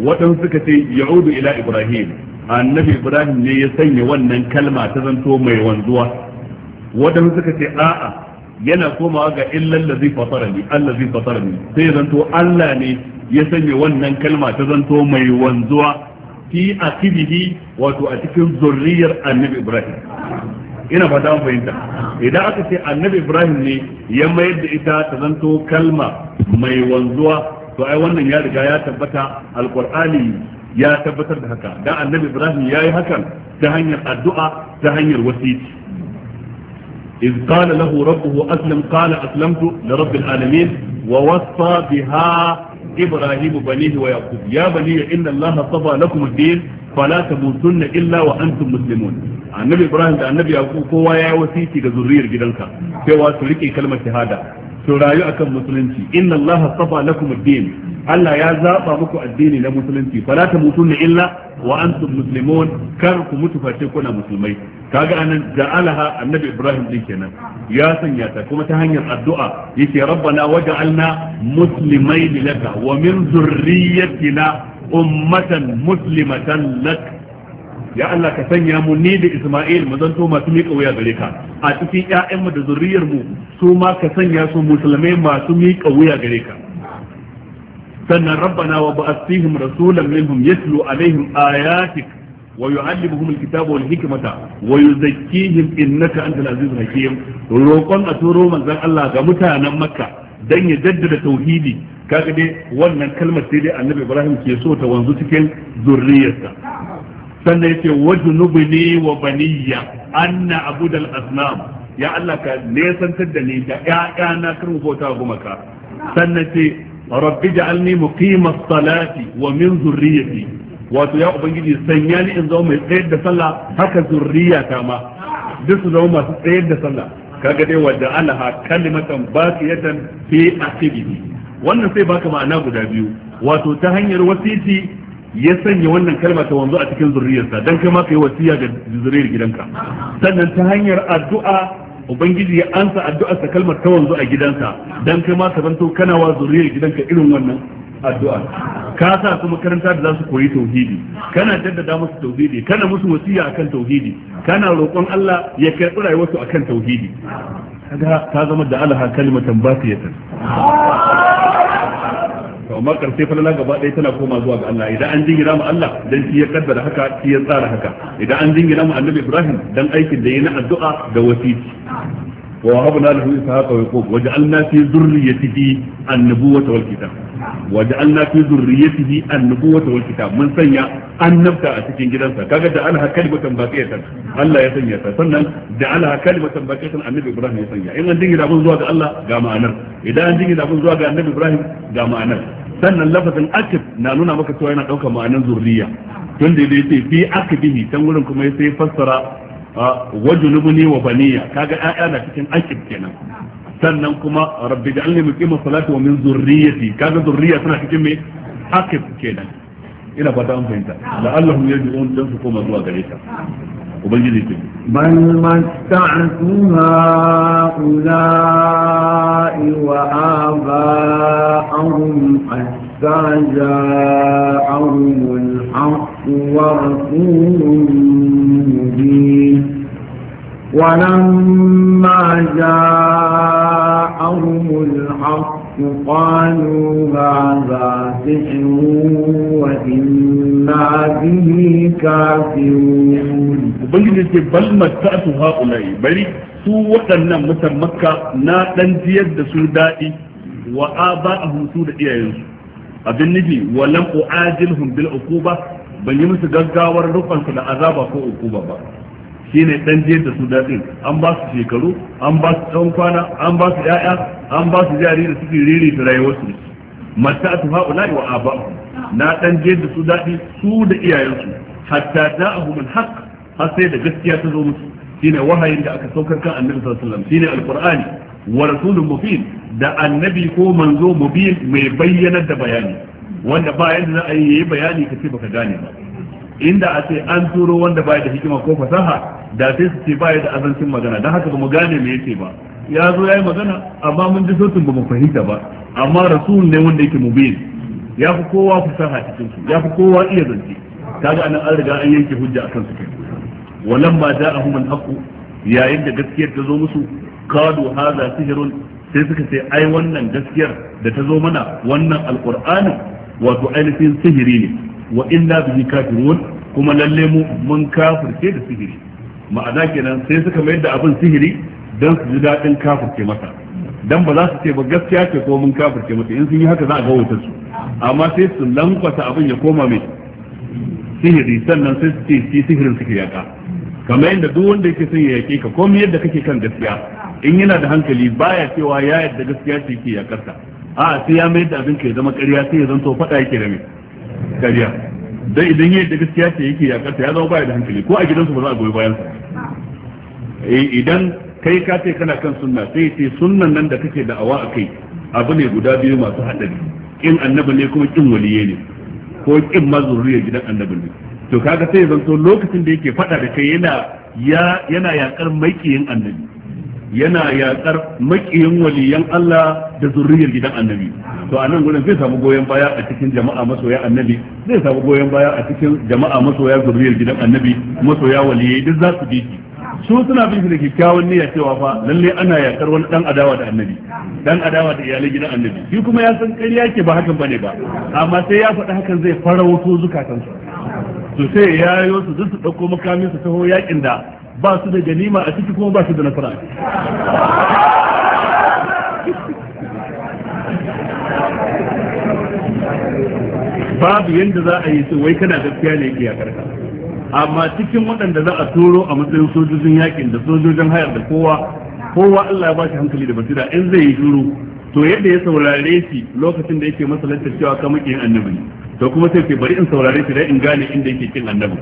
waɗansu suka ce ya'udu ila ibrahim annabi ibrahim ne ya sanya wannan kalma ta zanto mai wanzuwa waɗansu suka ce a'a yana komawa ga illal ladzi fatarani allazi fatarani sai ya zanto Allah ne ya sanya wannan kalma ta zanto mai wanzuwa fi akibihi wato a cikin zurriyar annabi ibrahim ina fata an fahimta idan aka ce annabi ibrahim ne ya mayar da ita ta zanto kalma mai wanzuwa to ai wannan ya riga ya tabbata alqur'ani ya tabbatar da haka dan annabi ibrahim yayi hakan ta hanyar addu'a ta hanyar wasiti إذ قال له ربه أسلم قال أسلمت لرب العالمين ووصى بها إبراهيم بنيه ويعقوب يا بني إن الله صفى لكم الدين فلا تموتن إلا وأنتم مسلمون النبي إبراهيم النبي يعقوب هو يا وسيتي لذرية جدنك سوى تركي كلمة شهادة su rayu akan musulunci inna allaha safa lakum din Allah ya zaba muku addini na musulunci fala tamutunna illa wa antum muslimun kar ku mutu face kuna musulmai kaga anan ja'alaha annabi Ibrahim din kenan ya sanya ta kuma ta hanyar addu'a yake rabbana waj'alna muslimai laka wa min zurriyyatina ummatan muslimatan lak ya Allah ka sanya mu ni da Isma'il mu zanto masu miƙa wuya gare ka a cikin 'ya'yan mu da zuriyar mu su ma ka sanya su musulmai masu miƙa wuya gare ka sannan rabbana wa ba'athihim rasulan minhum yatlu alaihim ayatik wa yu'allimuhum alkitaba wal hikmata wa yuzakkihim innaka antal azizul hakim roƙon a turo manzon Allah ga mutanen Makka dan ya jaddada tauhidi kaga dai wannan kalmar sai dai Annabi Ibrahim ke so ta wanzu cikin zuriyarsa. sannan wajen wajnubni wa baniya anna abudal asnam ya Allah ka nesantar da ni da 'ya'yana kar mu bauta gumaka sannan ce rabbi ja'alni muqima salati wa min zurriyyati wato ya ubangiji sanya ni in zama mai tsayar da sallah haka zurriyata ma duk su zama masu tsayar da sallah kaga dai wa ja'alaha kalimatan baqiyatan fi aqibihi wannan sai baka ma'ana guda biyu wato ta hanyar wasiti ya sanya wannan kalma ta wanzu a cikin zurriyarsa don kai ma yi wasiya ga zuriyar gidanka sannan ta hanyar addu'a ubangiji ya ansa addu'arsa kalmar ta wanzu a gidansa don kai ma ka zanto kana wa zuriyar gidanka irin wannan addu'a ka sa su makaranta da za su koyi tauhidi kana jaddada musu tauhidi kana musu wasiya akan tauhidi kana roƙon Allah ya karɓi rayuwarsu akan tauhidi kaga ta zama da alaha kalimatan basiyatan to amma karfe falala gaba ɗaya tana koma zuwa ga Allah idan an jingira mu Allah dan shi ya kaddara haka shi ya tsara haka idan an jingira mu Annabi Ibrahim dan aikin da yayi na addu'a da wasiti ووهبنا له إسحاق ويعقوب وجعلنا في ذريته النبوة والكتاب وجعلنا في ذريته النبوة والكتاب من سنيا النبتة أتكين جدنسا كاكا جعلها كلمة باقية الله يسنيا سنن جعلها كلمة باقية النبي إبراهيم يسنيا إن دين إذا زواج الله قام أنر إذا دين إذا زواج النبي إبراهيم قام أنر sannan lafazin akif na nuna maka cewa yana ɗaukar ma'anin zurriya tun da ya ce fi akibihi can wurin kuma ya sai fassara wajunubni wa baniya kaga ƴaƴa na cikin akib kenan sannan kuma rabbi da alni muqima salati wa min zurriyati kaga zurriya tana cikin me akib kenan ina fata an fahimta la'allahum yarji'un dan su koma zuwa gare ka ubangiji ce bal masta'tu ha'ula'i wa aba'ahum hatta ja'ahum al-haq ورسول مبين ولما جاءهم الحق قالوا هذا سحر وإنا به كافرون bari su waɗannan mutan makka na ɗan jiyar da su daɗi ba a hutu da iyayensu abin nufi wa lam u'ajilhum ba. ban yi musu gaggawar rufansu da azaba ko ukuba ba shi ne dan je da su daɗin an ba su shekaru an ba su tsawon kwana an ba su ya'ya an ba su jari da suke riri da rayuwarsu mata tu ha'ula'i wa aba na dan je da su daɗi su da iyayensu hatta da abu min haqq har sai da gaskiya ta zo musu shine wahayin da aka saukar kan annabi sallallahu alaihi wasallam shine alqur'ani wa rasulun mubin da annabi ko manzo mubin mai bayyanar da bayani wanda ba yadda za a yi yayi bayani ka ce baka gane ba inda a ce an turo wanda baya da hikima ko fasaha da sai su ce ba da azancin magana don haka ba mu gane me yake ba ya zo ya yi magana amma mun ji sautin ba mu fahimta ba amma rasul ne wanda yake mubin ya fi kowa fasaha cikin su ya fi kowa iya zance kaga anan an riga an yanke hujja akan su kai walamma ja'ahum al-haqq yayin da gaskiyar ta zo musu kadu hadha sihrun sai suka ce ai wannan gaskiyar da ta zo mana wannan alkur'ani wato ainihin sihiri ne wa inna bihi kafirun kuma lalle mu mun kafirce da sihiri ma'ana kenan sai suka mayar da abin sihiri dan su ji dadin kafirce masa dan ba za su ce ba gaskiya ce ko mun kafirce masa in sun yi haka za a ga wutar su amma sai su lankwata abin ya koma mai sihiri sannan sai su ce shi sihirin suke yaka kamar yadda duk wanda yake son ya yake ka komai yadda kake kan gaskiya in yana da hankali baya cewa ya yadda gaskiya ce ke yakarta a sai ya mayar da abin ka ya zama ƙarya sai ya zanto faɗa yake da mai ƙarya dan idan yayin da gaskiya ce yake ya ta ya zama baya da hankali ko a gidansu ba za a goyi bayan sa eh, idan kai ka ce kana kan sunna sai ce sunnan nan da kake da awa akai abu ne guda biyu masu haɗari ƙin annabi ne kuma kin waliye ne ko kin mazuriyar gidan annabi ne to kaga sai ya zanto lokacin da yake faɗa da kai yana yana yakar maikiyin annabi yana yatsar makiyin waliyan Allah da zurriyar gidan annabi to a nan gudun zai samu goyon baya a cikin jama'a masoya annabi zai samu goyon baya a cikin jama'a masoya zurriyar gidan annabi masoya waliyai duk za su bi shi su suna bin shi da kyakkyawan niyya cewa fa lalle ana yaƙar wani dan adawa da annabi dan adawa da iyalai gidan annabi shi kuma ya san ƙarya ke ba hakan bane ba amma sai ya faɗi hakan zai farauto zukatansu to sai ya yayo su duk su ɗauko makamin su taho yakin da ba su da ganima a ciki kuma ba su da nasara babu yadda za a yi su wai kana gaskiya ne ke karka amma cikin waɗanda za a turo a matsayin sojojin yakin da sojojin hayar da kowa kowa Allah ya ba shi hankali da basira in zai yi shuru, to yadda ya saurare shi lokacin da yake masa lantar cewa ka yin annabi to kuma sai ke bari in saurare shi dan in gane inda yake kin annabi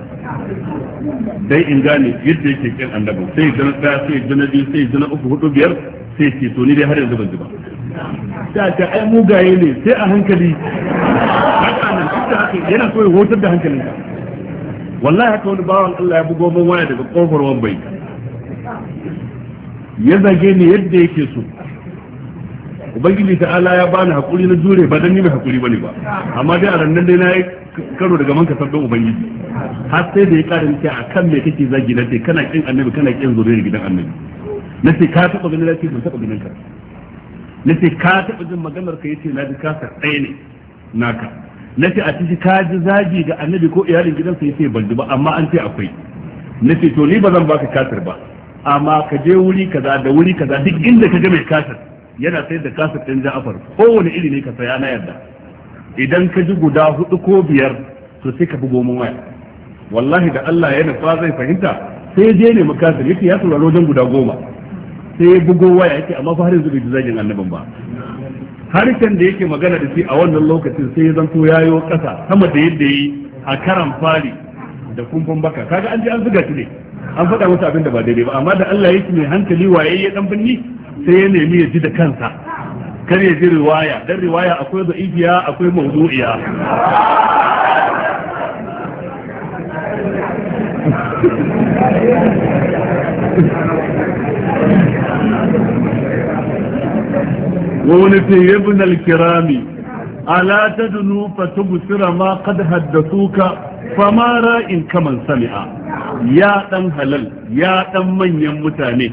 dai in gane yadda yake kin annabi sai dan da sai dan biyu sai dan uku hudu biyar sai ce to ni dai har yanzu ban ji ba da ka ai mugaye ne sai a hankali yana so ya hotar da hankalin wallahi haka wani bawan Allah ya bugo min waya daga kofar wambai ya zage ni yadda yake so ubangiji ta'ala ya bani hakuri na jure ba dan ni mai hakuri bane ba amma dai a ran dai na karo daga manka sabbin ubangiji har sai da ya karin nake a kan me kake zagi na ce kana kin annabi kana kin zuriyar gidan annabi na ce ka taɓa ganin lafiya ban taɓa ganin ka na ce ka taɓa jin maganar ka yace na ji ka sa tsaye ne naka na ce a ciki ka ji zagi ga annabi ko iyalin gidansa yace ban ji ba amma an ce akwai na ce to ni ba zan baka kasar ba amma ka je wuri kaza da wuri kaza duk inda ka ga mai kasar yana sayar da kasar ɗin ja'afar kowane iri ne ka saya na yarda idan ka ji guda hudu ko biyar to sai ka bugo mun waya wallahi da Allah ya nufa zai fahimta sai je ne makasir yake ya sauraro wajen guda goma sai ya bugo waya yake amma fa har yanzu bai ji zagin annabin ba harshen da yake magana da shi a wannan lokacin sai ya zanto yayo kasa sama da yadda yi a karan fari da kumfan baka kaga an ji an zuga shi ne an faɗa masa abin da ba daidai ba amma da Allah yake mai hankali waye ya dan binni sai ya nemi ya ji da kansa kar ya ji riwaya dan riwaya akwai da'ifiya akwai mawdu'iya wani ce yabin alkirami ala ta dunu fa tubsira ma qad haddathuka fama ra'in kaman sami'a ya dan halal ya dan manyan mutane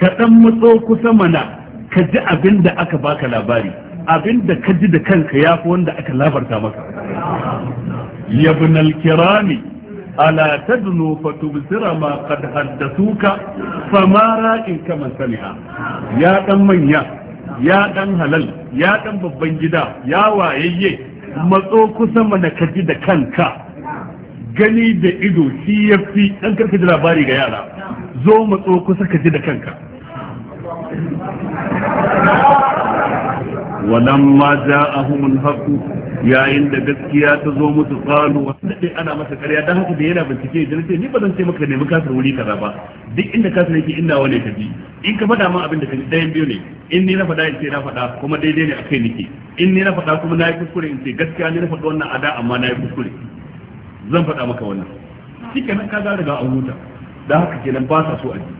ka dan matso kusa mana ka ji abin da aka baka labari abin da ka ji da kanka ya fi wanda aka labarta maka yabnal kirami ala tadnu fa tubsira ma qad haddathuka famara in kaman sami'a ya dan manya ya dan halal ya dan babban gida ya wayayye matso kusa mana ka ji da kanka gani da ido shi yafi dan karka ji labari ga yara zo matso kusa ka ji da kanka walamma ja'ahum al-haqq yayin da gaskiya ta zo musu qalu wanda dai ana masa ƙarya dan haka da yana bincike da nace ni ba zan ce maka nemi kasar wuri kaza ba duk inda kasar yake inda wane ka bi in ka faɗa min abin da ka dayan biyu ne in ni na faɗa in ce na faɗa kuma daidai ne akai nake in ni na kuma na kuskure in ce gaskiya ni na faɗa wannan ada amma na kuskure zan faɗa maka wannan shikenan ka ga daga an huta dan haka kenan ba sa so a ji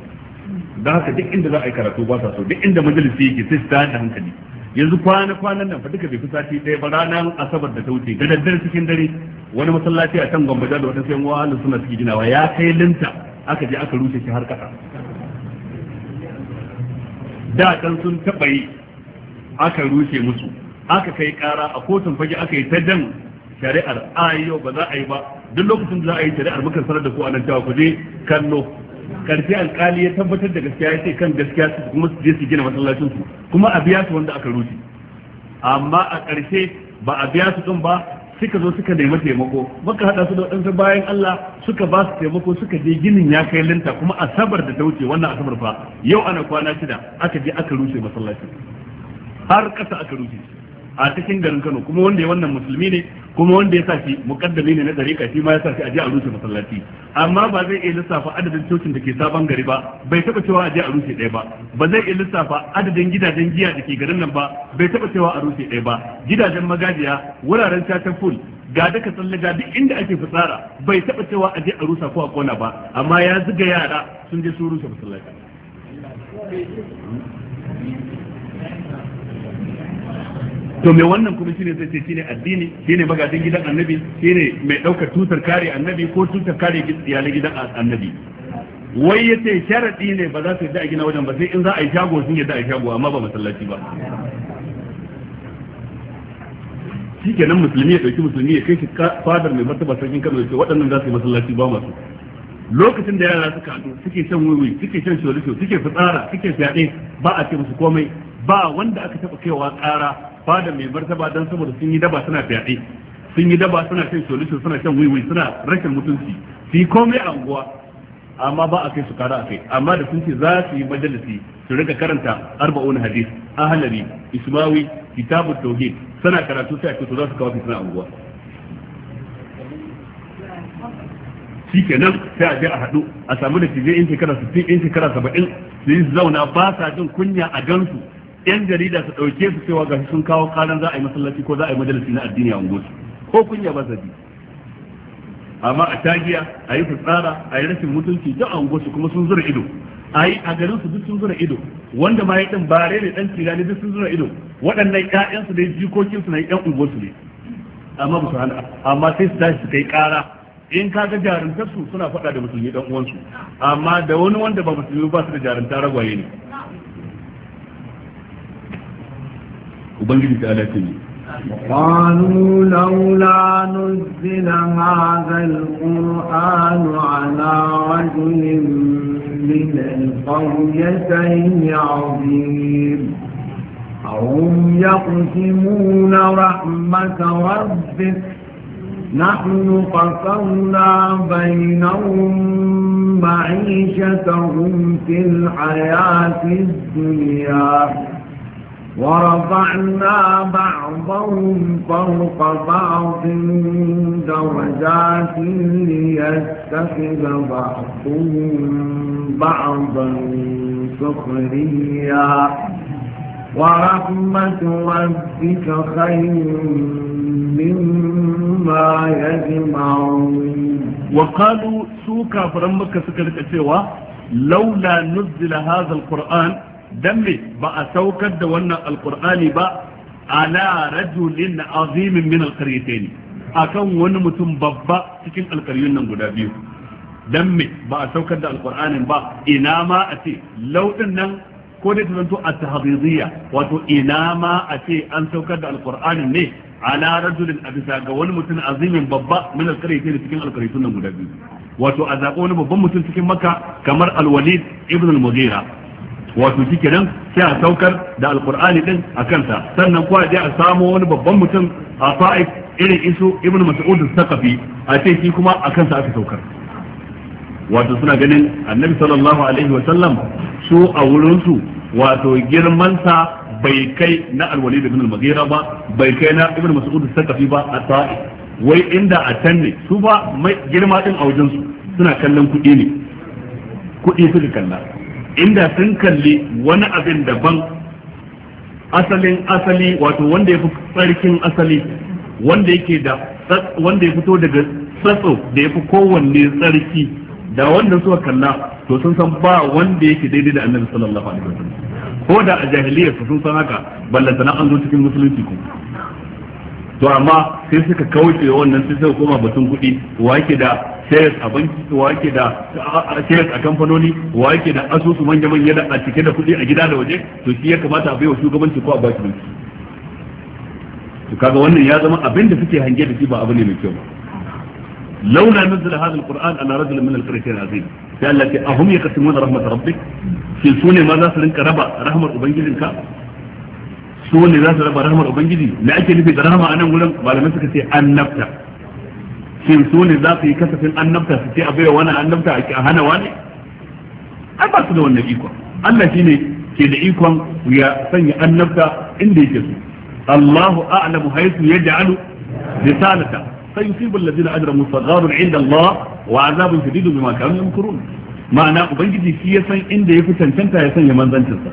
da haka duk inda za a yi karatu ba sa so duk inda majalisi yake sai su da hankali yanzu kwana kwanan nan fa duka bai fi sati ɗaya ba ranar asabar da ta wuce da daddare cikin dare wani masallaci a can gwamnati da wata yan uwa suna sunna suke ginawa ya kai linta aka je aka rushe shi har kasa da can sun taba yi aka rushe musu aka kai ƙara a kotun fage aka yi ta dan shari'ar a yau ba za a yi ba duk lokacin da za a yi shari'ar muka sanar da ku a nan cewa ku je kallo karfi alkali ya tabbatar da gaskiya ya ce kan gaskiya su kuma su je su gina masallacin kuma a biya su wanda aka rushe amma a karshe ba a biya su din ba suka zo suka nemi taimako baka hada su da waɗansu bayan Allah suka ba su taimako suka je ginin ya kai linta kuma asabar da ta wuce wannan asabar fa yau ana kwana shida aka je aka rushe masallacin har kasa aka rushe a cikin garin Kano kuma wanda ya wannan musulmi ne kuma wanda ya sa shi mukaddami ne na dariƙa shi ma ya sa shi a je a rushe masallaci amma ba zai iya lissafa adadin cocin da ke sabon gari ba bai taba cewa a je a rushe ɗaya ba ba zai iya lissafa adadin gidajen giya da ke garin nan ba bai taba cewa a rushe ɗaya ba gidajen magajiya wuraren shatan ful ga duka tsalle ga duk inda ake fitsara bai taba cewa a je a rusa ko a kona ba amma ya zuga yara sun je su rushe masallaci to me wannan kuma shine zai ce shine addini shine magadin gidan annabi shine mai daukar tutar kare annabi ko tutar kare iyalan gidan annabi wai yace sharadi ne ba za su yi a gina wajen ba sai in za a yi shago sun yadda a yi shago amma ba masallaci ba shikenan musulmi ya dauki musulmi ya kai shi fadar mai martaba sarkin Kano ya ce waɗannan za su yi masallaci ba masu lokacin da yara suka haɗu suke shan wiwi suke shan sholisho suke fitsara suke fyaɗe ba a ce musu komai ba wanda aka taɓa kaiwa ƙara fada mai martaba dan saboda sun yi daba suna fyaɗe sun yi daba suna shan solution suna shan wiwi suna rashin mutunci su yi komai a unguwa amma ba a kai su kara a kai amma da sun ce za su yi majalisi su rika karanta arba'un hadis ahalari ismawi kitabu tauhid suna karatu sai a kai su za su kawo fitina a unguwa shi kenan sai a je a haɗu a samu da zai in shekara 60 in shekara 70 su yi zauna ba sa jin kunya a gansu yan jarida su ɗauke su cewa gashi sun kawo karan za a yi masallaci ko za a yi majalisi na addini a unguwarsu ko kunya ba zabi amma a tagiya a yi fitsara a yi rashin mutunci duk a unguwarsu kuma sun zura ido a yi a garin su duk sun zura ido wanda ma ya ɗin bare ne ɗan tirani duk sun zura ido waɗannan ƴaƴansu ne jikokinsu na ƴan unguwarsu ne amma ba su hana amma sai su tashi su kai ƙara in ka ga jarumtarsu suna faɗa da musulmi dan uwansu amma da wani wanda ba musulmi ba su da jarumta ragwaye ne ubangiji ta alaƙa ne قالوا لولا نزل هذا القرآن على رجل من القريتين عظيم هم يقسمون رحمة ربك نحن قصرنا بينهم معيشتهم في الحياة الدنيا ورفعنا بعضهم فوق بعض درجات ليتخذ بعضهم بعضا سخريا ورحمة ربك خير مما يجمعون وقالوا سوكا فرمك سكرت أتوا لولا نزل هذا القرآن dan me ba a saukar da wannan alqur'ani ba ala rajulin azimin min alqaryatayn akan wani mutum babba cikin alqaryun nan guda biyu dan me ba a saukar da alqur'anin ba ina ma a ce laudin nan ko dai zanto a tahdidiyya wato ina ma a ce an saukar da alqur'anin ne ala rajulin a bisa ga wani mutum azimin babba min alqaryatayn cikin alqaryun nan guda biyu wato a zaɓi wani babban mutum cikin maka kamar alwalid ibn al-mughira wato kenan sai a saukar da alkur'ani din a kansa sannan ko a je a samo wani babban mutum a fa'if irin isu Ibn mas'ud al-thaqafi a ce shi kuma a kansa aka saukar wato suna ganin annabi sallallahu alaihi wa sallam su a wurin su wato girman sa bai kai na alwalid da al-mughira ba bai kai na ibn mas'ud al-thaqafi ba a ta'i wai inda a can ne su ba girma din a wajen su suna kallon kuɗi ne kuɗi suka kalla inda sun kalli wani abin daban asalin asali wato wanda ya fi tsarkin asali wanda yake da wanda ya fito daga tsatso da ya fi kowanne tsarki da wanda suka kalla to sun san ba wanda yake daidai da annabi sallallahu alaihi wasallam ko da a jahiliyyar su sun san haka ballanta na an zo cikin musulunci ko to amma sai suka kauce wannan sai suka koma batun kuɗi wa yake da shares a banki wa yake da shares a kamfanoni wa yake da asusu manya manya da a cike da kuɗi a gida da waje to shi ya kamata a baiwa shugabanci ko a baki banki to kaga wannan ya zama abin da suke hange da shi ba abu ne mai kyau ba laula nazzala hadha alquran ala rajulin min alqaryatin azim sai Allah ya ahum yaqsimuna rahmat rabbik shi sune ma za su rinka raba rahmar ubangijinka su ne za su raba rahmar ubangiji me ake nufi da rahma a nan gurin malamai suka ce annabta shin su ne za su yi kasafin annabta su ce a baiwa wani annabta a hana wani ai ba su da wannan ikon Allah shine ke da ikon ya sanya annabta inda yake so Allahu a'lamu haythu yaj'alu risalata sayusibu alladhina ajramu sagharun 'inda Allah wa 'adhabun shadidun bima kanu yamkurun ma'ana ubangiji shi ya san inda ya fi cancanta ya sanya manzancinsa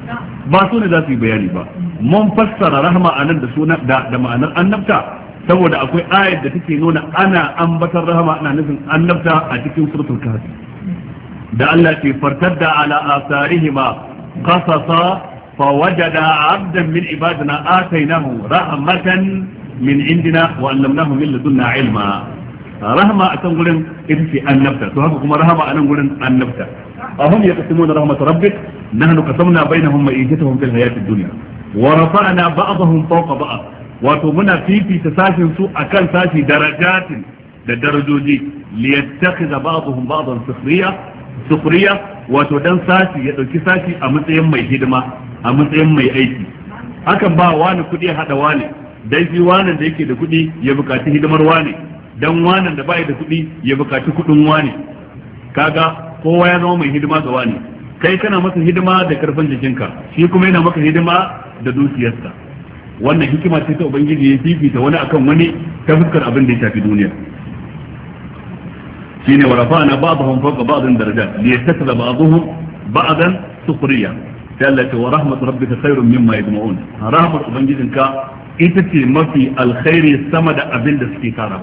ba su ne za su yi bayani ba mun fassara rahama anan da suna da ma'anar annabta saboda akwai ayar da take nuna ana ambatar rahama ana nufin annabta a cikin suratul kahfi da Allah ke fartadda ala asarihima qasasa fa wajada abdan min ibadina atainahu rahmatan min indina wa allamnahu min ladunna ilma rahama a kan gurin ita ce annabta to haka kuma rahama a nan gurin annabta ahum yaqsimuna rahmat rabbik nahnu qasamna bainahum ma'ishatahum fil hayatid dunya wa rafa'na ba'dahum fawqa ba'd wato muna fifita sashin su akan sashi darajatin da darajoji liyattakhidha ba'dhum ba'dhan sukhriya sukhriya wato dan sashi ya dauki sashi a matsayin mai hidima a matsayin mai aiki hakan ba wani kudi hada wani dan shi wanan da yake da kudi ya bukaci hidimar wani dan wanan da bai da kudi ya bukaci kudin wani kaga kowa ya zama mai hidima ga wani kai kana masa hidima da karfin jikinka shi kuma yana maka hidima da dukiyarsa wannan hikima ce ta ubangiji ya fifita wani akan wani ta fuskar abin da ya shafi duniya shine wa rafa'na ba'dahum fawqa ba'din darajat li yattakhidha ba'dahum ba'dan sukhriya sai Allah ta wa rahmatu rabbika khairun mimma yajma'un Ubangijin ka ita ce mafi alkhairi sama da abin da suke tara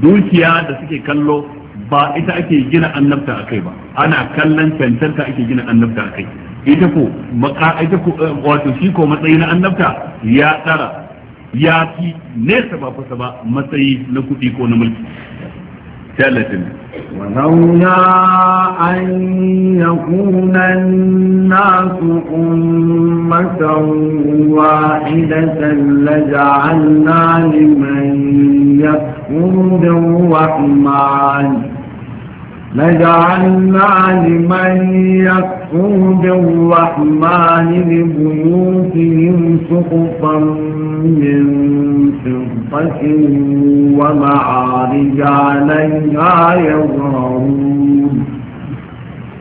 dukiya da suke kallo ba ita ake gina annabta akai ba ana kallon cancanta ake gina annabta akai ita ko maka ita ko eh, wato shi ko matsayi na annabta ya tsara ya fi nesa ba fasa ba matsayi na kuɗi ko na mulki tallatin walawla an yakuna an-nasu ummatan wahidatan laja'alna liman yakfuru bi لجعلنا لمن يكفر بالرحمن لبيوتهم سقفا من فضة ومعارج عليها يظهرون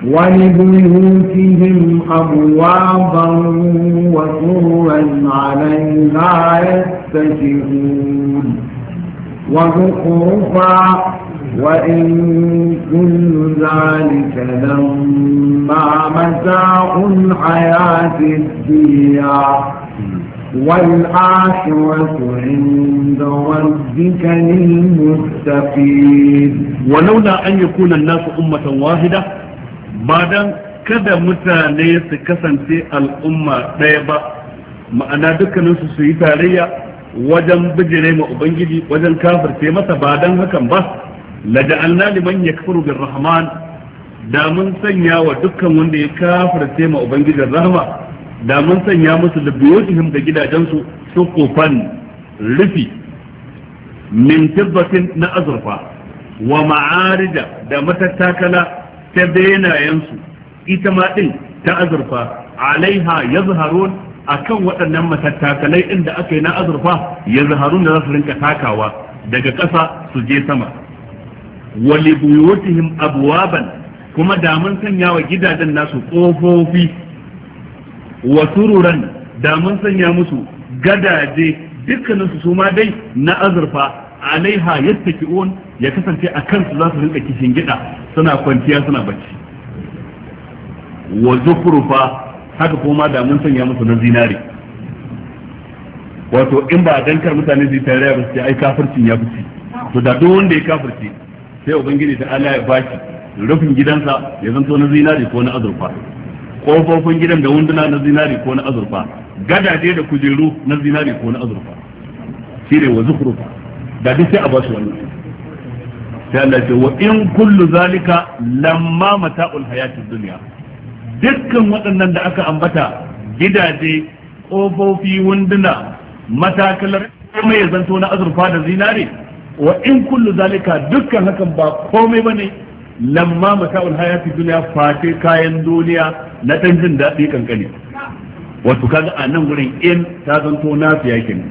ولبيوتهم أبوابا وسرا عليها يتكئون وزخرفا وإن كل ذلك لما متاع الحياة الدنيا والآخرة عند ربك للمتقين ولولا أن يكون الناس أمة واحدة بعد kada mutane su kasance al'umma ɗaya ba ma'ana dukkaninsu su yi tarayya wajen bijire ma ubangiji wajen kafirce masa ba don hakan ba laja'alna liman yakfuru birrahman da mun sanya wa dukkan wanda ya kafirce ma ubangijin rahma da mun sanya musu libiyotihim da gidajensu sukufan rufi min tibbatin na azurfa wa ma'arija da matattakala ta benayensu ita ma din ta azurfa alaiha yazharun akan waɗannan matattakalai inda aka yi na azurfa yazharun da za su rinka takawa daga ƙasa su je sama wa buyutihim abwaban kuma da mun sanya wa gidajen nasu kofofi wa sururan da mun sanya musu gadaje dukkanin su suma dai na azurfa alaiha yattaki'un ya kasance a kansu za su rinka kishin gida suna kwanciya suna bacci wa zukhrufa haka kuma da mun sanya musu na zinare wato in ba dankar mutane zai tare ba su ai kafircin ya fice to da duk wanda ya kafirce sai ubangiji ta ala ya baki rufin gidansa ya zanto na zinari ko na azurfa kofofin gidan da wunduna na zinari ko na azurfa gadaje da kujeru na zinari ko na azurfa shi ne wa zukhrufa da duk sai a ba wannan sai Allah ce wa in kullu zalika lamma mata'ul hayatid dunya dukkan waɗannan da aka ambata gidaje kofofi wunduna matakalar kuma ya zanto na azurfa da zinari wa in kullu zalika dukkan hakan ba komai ba ne lamma mata'ul hayati duniya fate kayan duniya na ɗan jin daɗi kankani wato kaga a nan gurin in ta zanto nafiya kenan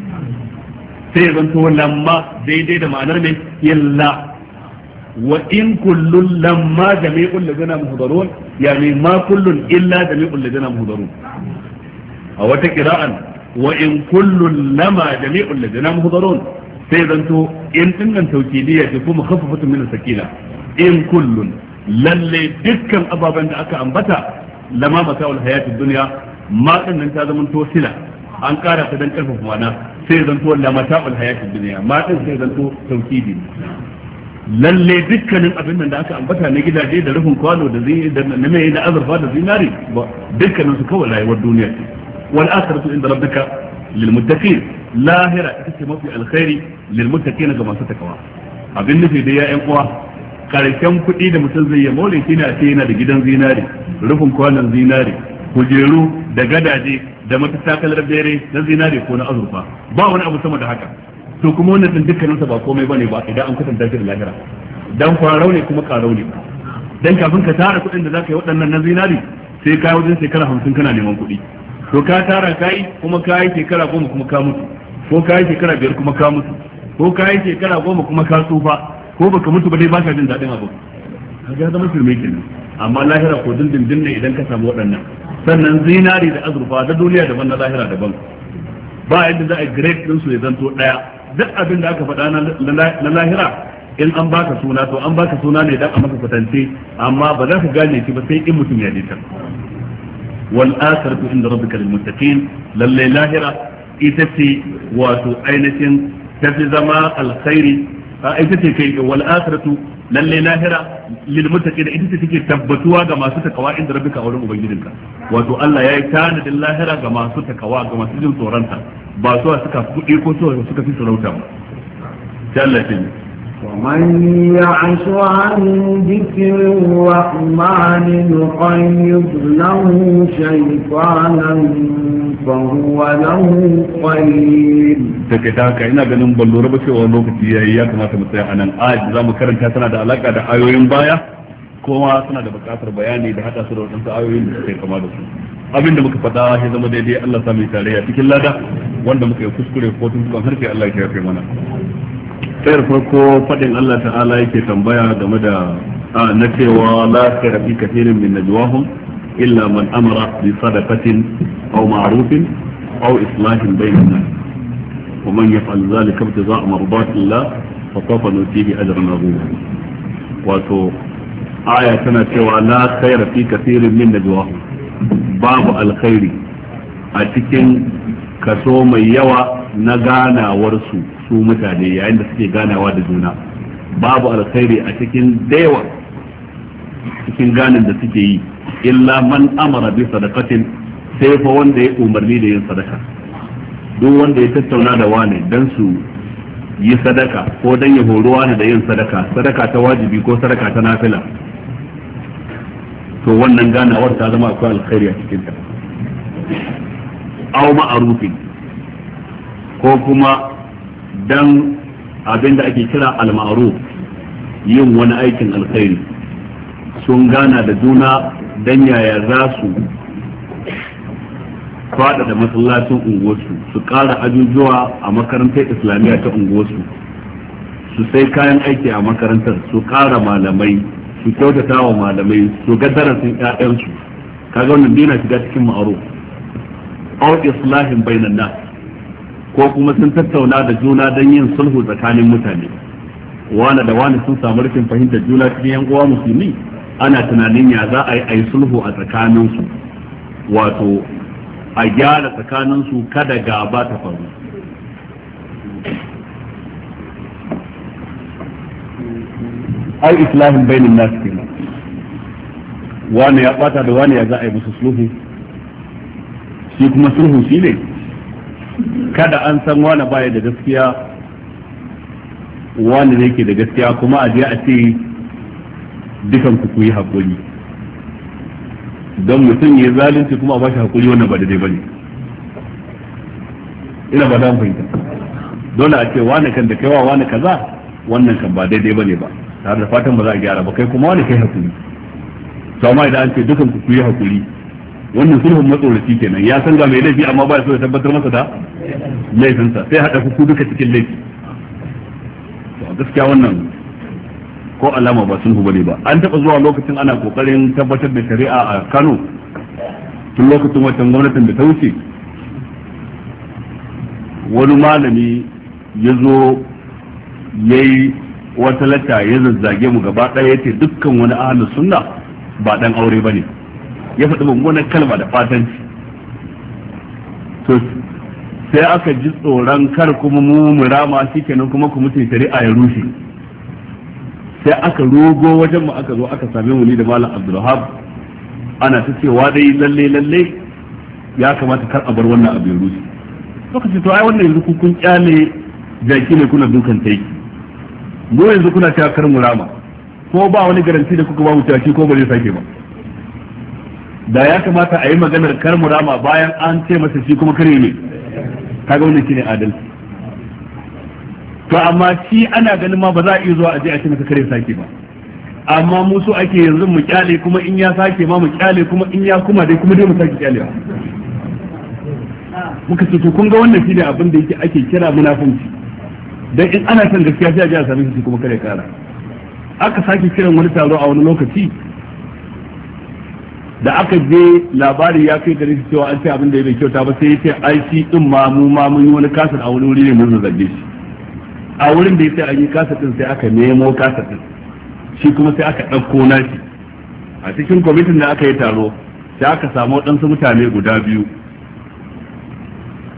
sai ya zanto lamma daidai da ma'anar mai illa wa in kullun lamma jami'un ladana muhdarun yani ma kullun illa jami'un ladana muhdarun a wata qira'an wa in kullun lama jami'un ladana muhdarun sai zanto in dinnan tawkidiyya ce kuma khaffafatun min sakina in kullun lalle dukkan ababen da aka ambata lama masawul hayatid duniya ma dinnan ta zama to sila an kara ta dan karfafa mana sai zanto lama ta'ul hayatid dunya ma din sai zanto tawkidi lalle dukkanin abin nan da aka ambata na gidaje da rufin kwano da zai da na mai da azurfa da zinari dukkanin su kawai rayuwar duniya ce wal akhiratu inda rabbika lil muttaqin lahira ita ce mafi alkhairi lil muttaqin ga masu takawa abin nufi da ya yan uwa karshen kuɗi da mutum zai yi shi ne a ce yana da gidan zinare rufin kwanan zinare kujeru da gadaje da matattakalar bere na zinare ko na azurfa ba wani abu sama da haka to kuma wannan din dukkaninsa ba komai bane ba idan an kasanta shi da lahira dan kwarau ne kuma ka ne dan kafin ka tara kuɗin da zaka yi waɗannan na zinari sai ka wajen shekara hamsin kana neman kuɗi to ka tara kai kuma ka yi shekara goma kuma ka mutu ko ka yi shekara biyar kuma ka mutu ko ka yi shekara goma kuma ka tsufa ko baka mutu ba dai ba ka jin daɗin abu kaga zama shirme kenan amma lahira ko dindindin ne idan ka samu waɗannan sannan zinari da azurfa da duniya daban na lahira daban ba yadda za a grade din su ya zanto ɗaya. duk abin da aka faɗa na lahira in an baka suna to an baka suna ne dan a maka kwatance amma ba za ka gane ki ba sai in mutum ya dita wal akhiratu inda rabbika lil muttaqin lalle lahira ita ce wato ainihin tafi zama alkhairi ita ce kai wal akhiratu lalle lahira lil muttaqin ita ce take tabbatuwa ga masu takawa inda rabbika a wurin ubangijinka wato Allah yayi tanadin lahira ga masu takawa ga masu jin tsoronta ba su suka kuɗi ko su suka fi sarauta ba ومن يعش عن ذكر الرحمن نقيض له شيطانا فهو له قليل take ta haka ina ganin ban lura ba cewa lokaci yayi ya kamata mu tsaya anan a za mu karanta tana da alaka da ayoyin baya kuma sana da bukatar bayani da hada su da wadansu ayoyin da suke kama da su abin da muka faɗa shi zama daidai Allah sami tarayya cikin lada wanda muka yi kuskure ko tun har sai Allah ya kai mana tsayar farko faɗin Allah ta'ala yake tambaya game da na cewa la khaira fi kathirin min najwahum illa man amara bi sadaqatin aw ma'rufin aw islahin bainan nas wa man yaf'al dhalika ibtiza'a mardati Allah fa sawfa nutihi ajran 'azima wato aya tana cewa la khaira fi kathirin min najwahum babu alkhairi a cikin kaso mai yawa na ganawar su. su mutane yayin da suke ganawa da juna babu alkhairi a cikin dayawa cikin ganin da suke yi illa man amara bi sadaqatin sai fa wanda ya umarni da yin sadaka duk wanda ya tattauna da wani dan su yi sadaka ko dan ya horo wani da yin sadaka sadaka ta wajibi ko sadaka ta nafila to wannan ganawar ta zama akwai alkhairi a cikin ta aw ma'rufin ko kuma dan abin da ake kira al-ma'ruf yin wani aikin alkhairi sun gana da juna dan yaya za su fada da masallacin unguwarsu su ƙara ajujuwa a makarantar islamiyya ta unguwarsu su sai kayan aiki a makarantar su ƙara malamai su kyautata wa malamai su ga darasin ƴaƴansu kaga wannan dina shiga cikin maruf aw islahin bainan nas ko kuma sun tattauna da juna don yin sulhu tsakanin mutane wani da wani sun samu rikin fahimtar juna cikin yan uwa musulmi ana tunanin ya za a yi a yi sulhu a tsakaninsu wato a gyara tsakaninsu kada gaba ta faru ai islahin bainin nasu kenan wani ya bata da wani ya za a yi musu sulhu shi kuma sulhu shi ne kada an san wani baya da gaskiya wani ne ke da gaskiya kuma a je a ce dukan ku yi haƙuri don mutum ya zalunci kuma a bashi haƙuri wannan ba daidai bane ina ba dan fahimta dole a ce wani kan da kaiwa wani kaza wannan kan ba daidai bane ba tare da fatan ba za a gyara ba kai kuma wani kai haƙuri to amma idan an ce dukan ku yi haƙuri wannan sulhun matsoraci kenan ya san ga mai laifi amma ba ya so ya tabbatar masa da laifinsa sai haɗa kuku duka cikin laifi a gaskiya wannan ko alama ba sun bane ba an taɓa zuwa lokacin ana ƙoƙarin tabbatar da shari'a a Kano tun lokacin watan gwamnatin da ta wuce wani malami ya zo ya yi wata lata ya zazzage mu gaba ɗaya ya ce dukkan wani ahalin sunna ba ɗan aure ba ne ya faɗi wani kalma da fatanci sai aka ji tsoron kar kuma mu mu rama kenan kuma ku mutu shari'a ya rushe sai aka rogo wajen mu aka zo aka same mu ni da malam Abdulwahab ana ta cewa dai lalle lalle ya kamata kar a bar wannan abu ya rushe lokacin to ai wannan yanzu ku kun kyale jaki ne kuna dukan taiki mu yanzu kuna cewa kar mu rama ko ba wani garanti da kuka ba mu tashi ko ba zai sake ba da ya kamata a yi maganar kar mu rama bayan an ce masa shi kuma kare ne kaga wannan shine adalci to amma shi ana ganin ma ba za a iya zuwa a je a ce maka kare sake ba amma mu so ake yanzu mu kyale kuma in ya sake ma mu kyale kuma in ya kuma dai kuma dai mu sake kyalewa muka ce to kun ga wannan shine abin da yake ake kira munafunci dan in ana son gaskiya sai a je a same shi kuma kare kara aka sake kiran wani taro a wani lokaci da aka je labari ya kai gare shi cewa an ce abin da ya bai kyauta ba sai ya ce ai shi din ma mu ma mun yi wani kasar a wani wuri ne mun zazzabe shi a wurin da ya sai an yi kasar din sai aka nemo kasar din shi kuma sai aka ɗauko nashi a cikin kwamitin da aka yi taro sai aka samu waɗansu mutane guda biyu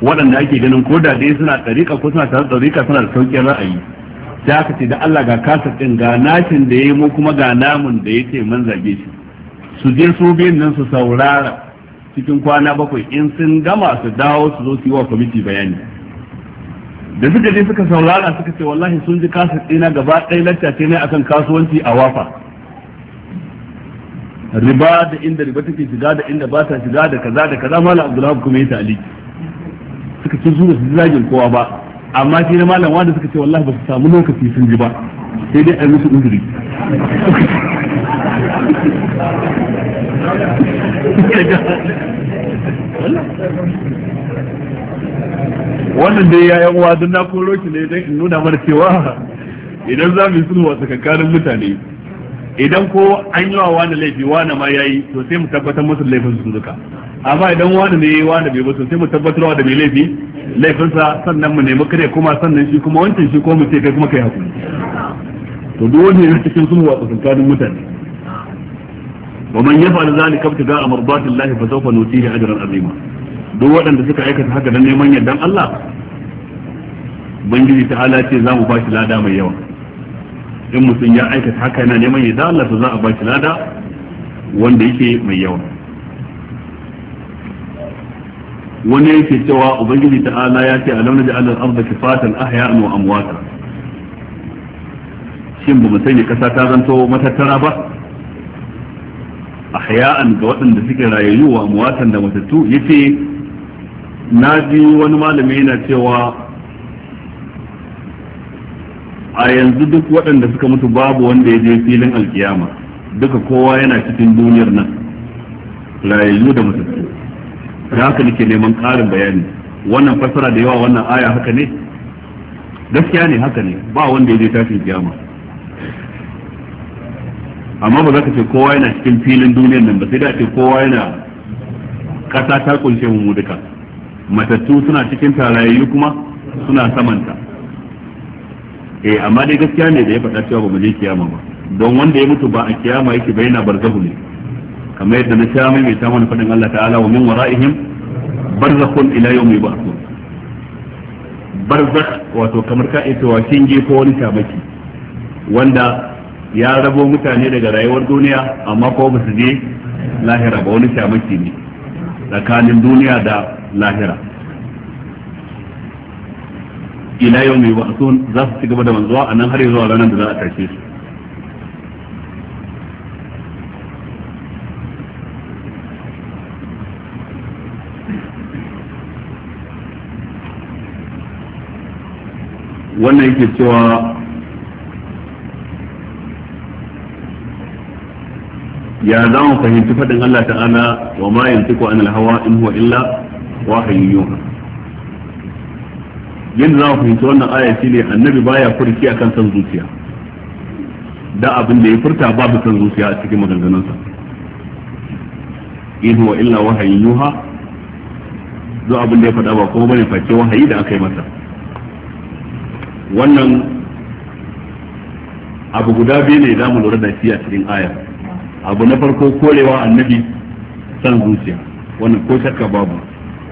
waɗanda ake ganin ko da dai suna ɗariƙa ko suna tare ɗariƙa suna da sauƙin ra'ayi sai aka ce da Allah ga kasar din ga nashin da ya yi mu kuma ga namun da ya ce mun zage shi su je su biyun nan su saurara cikin kwana bakwai in sun gama su dawo su zo su yi wa kwamiti bayani da suka je suka saurara suka ce wallahi sun ji kasa tsina gaba ɗaya lacca ne akan kasuwanci a wafa riba da inda riba take shiga da inda ba ta shiga da kaza da kaza malam abdullahi kuma ya tali suka ce su su zagin kowa ba amma shi na malam wanda suka ce wallahi ba su samu lokaci sun ji ba sai dai a musu uzuri wannan dai ya yan wadun na koro ki ne don in nuna mana cewa idan za mu yi sulhu tsakankanin mutane idan ko an yi wa wani laifi wani ma yayi to sai mu tabbatar musu laifin su duka amma idan wani ne wani bai ba to sai mu tabbatar da mai laifi laifinsa sannan mu nemi kare kuma sannan shi kuma wancan shi ko mu ce kai kuma kai hakuri to duk wanda ya cikin sulhu tsakankanin mutane wa man yaf'al zalika ibtida'a mardatillahi fa sawfa nutihi ajran azima duk waɗanda suka aikata haka dan neman yardan Allah ubangiji ta'ala ce za mu ba shi lada mai yawa in mutum ya aikata haka yana neman yardan Allah to za a ba shi lada wanda yake mai yawa wani yake cewa ubangiji ta'ala ya ce alam naj'al al-ardha kifatan ahya'an wa amwata shin ba mu sanya kasa ta zanto matattara ba ahya'an ga waɗanda suke rayayyu wa muwatan da matattu yace na ji wani malami yana cewa a yanzu duk waɗanda suka mutu babu wanda ya je filin alkiyama duka kowa yana cikin duniyar nan rayayyu da matattu da haka nake neman ƙarin bayani wannan fassara da yawa wannan aya haka ne gaskiya ne haka ne ba wanda ya je tashin kiyama amma ba za ka ce kowa yana cikin filin duniyar nan ba sai da ce kowa yana kasa ta kunshe mu duka matattu suna cikin tarayayyu kuma suna samanta eh amma dai gaskiya ne da ya faɗa cewa ba mu je kiyama ba don wanda ya mutu ba a kiyama yake ba yana barzahu ne kamar yadda na sha mai ta mana faɗin Allah ta'ala wa min wara'ihim barzakhun ila yawmi ba'thun barzakh wato kamar ka'ita ita wa kinge ko wani tabaki wanda ya rabo mutane daga rayuwar duniya amma ko ba su je lahira ba wani shamaki ne tsakanin duniya da lahira ila yau mai wasu za su ci gaba da manzuwa a nan har zuwa ranar da za a tashe su wannan yake cewa ya za mu fahimci faɗin Allah ta'ala wa ma yantiku anil hawa in huwa illa wahayin yuha yadda za mu fahimci wannan aya ne annabi baya furki akan san zuciya da abin da ya furta babu san zuciya a cikin maganganunsa in huwa illa wahayin yuha zo abin da ya faɗa ba kuma bane face wahayi da aka yi masa wannan abu guda biyu ne za mu lura da shi a cikin aya abu na farko korewa annabi san zuciya wannan ko shakka babu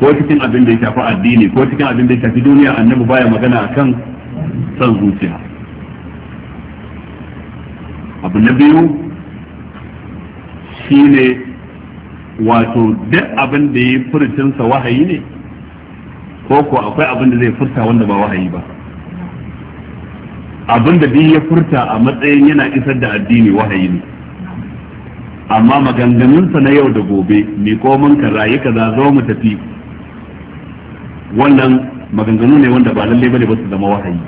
ko cikin abin da ya shafi addini ko cikin abin da ya shafi duniya annabi baya magana akan san zuciya abu na biyu shine wato duk abin da ya furcinsa wahayi ne ko ko akwai abin da zai furta wanda ba wahayi ba abin da biyu ya furta a matsayin yana isar da addini wahayi ne amma maganganunsa na yau da gobe mai komin ka rayu za zo mu tafi wannan maganganu ne wanda ba lalle bane ba su zama wahayi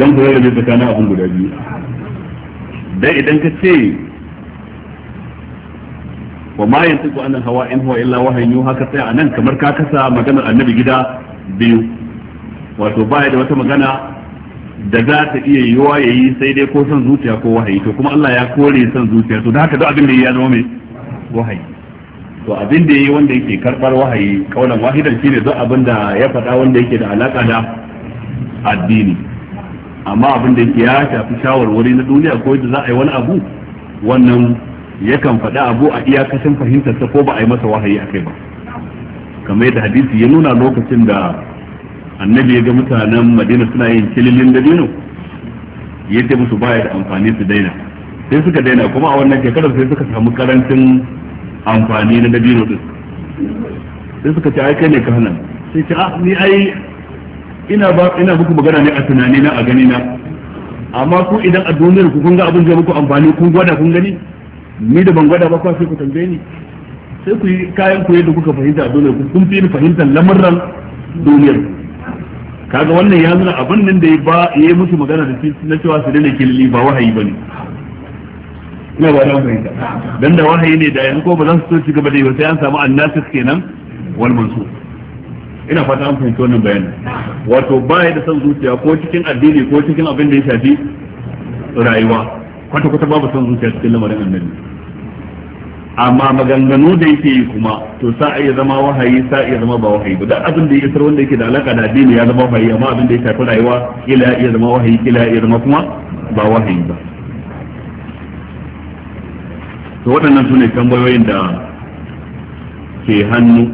dan ku rarrabe tsakanin abin guda biyu dan idan ka ce wa ma yantiqu anan hawa in huwa illa wahayi yuha haka anan kamar ka kasa maganar annabi gida biyu wato baya da wata magana da za ta iya yiwa ya yi sai dai ko son zuciya ko wahayi to kuma Allah ya kore son zuciya to da haka duk abin da ya zama mai wahayi to abin da yayi wanda yake karbar wahayi kaulan wahidan shine duk abin da ya faɗa wanda yake da alaka da addini amma abin da yake ya shafi shawarwari na duniya ko yadda za a yi wani abu wannan yakan faɗa abu a iyakacin fahimtarsa ko ba a yi masa wahayi akai ba kamar yadda hadisi ya nuna lokacin da annabi ya ga mutanen madina suna yin kililin dino ya ce musu baya da amfani su daina sai suka daina kuma a wannan shekarar sai suka samu karancin amfani na dabino din sai suka ce ai ne ka sai ce ah ni ai ina ba ina muku magana ne a tunani na a gani na amma ku idan a duniyar ku kun ga abin da muku amfani kun gwada kun gani ni da ban gwada ba ku sai ku tambaye ni sai ku yi kayan ku yadda kuka fahimta a duniyar ku kun fi fahimtar lamurran duniyar ku kaga wannan ya nuna abin nan da ya yi musu magana da shi na cewa su daina kilili ba wahayi bane ina ba ran fahimta dan da wahayi ne da yanzu ko ba zan su so ci gaba da yi ba sai an samu annasis kenan wal mansur ina fata an fahimci wannan bayanin wato baya da san zuciya ko cikin addini ko cikin abin da ya shafi rayuwa kwata kwata babu san zuciya cikin lamarin annabi amma maganganu da yake yi kuma to sa iya zama wahayi sa iya zama ba wahayi ba abin da ya isar wanda yake da alaka da addini ya zama wahayi amma abin da ya shafi rayuwa kila iya zama wahayi kila iya zama kuma ba wahayi ba to waɗannan su ne tambayoyin da ke hannu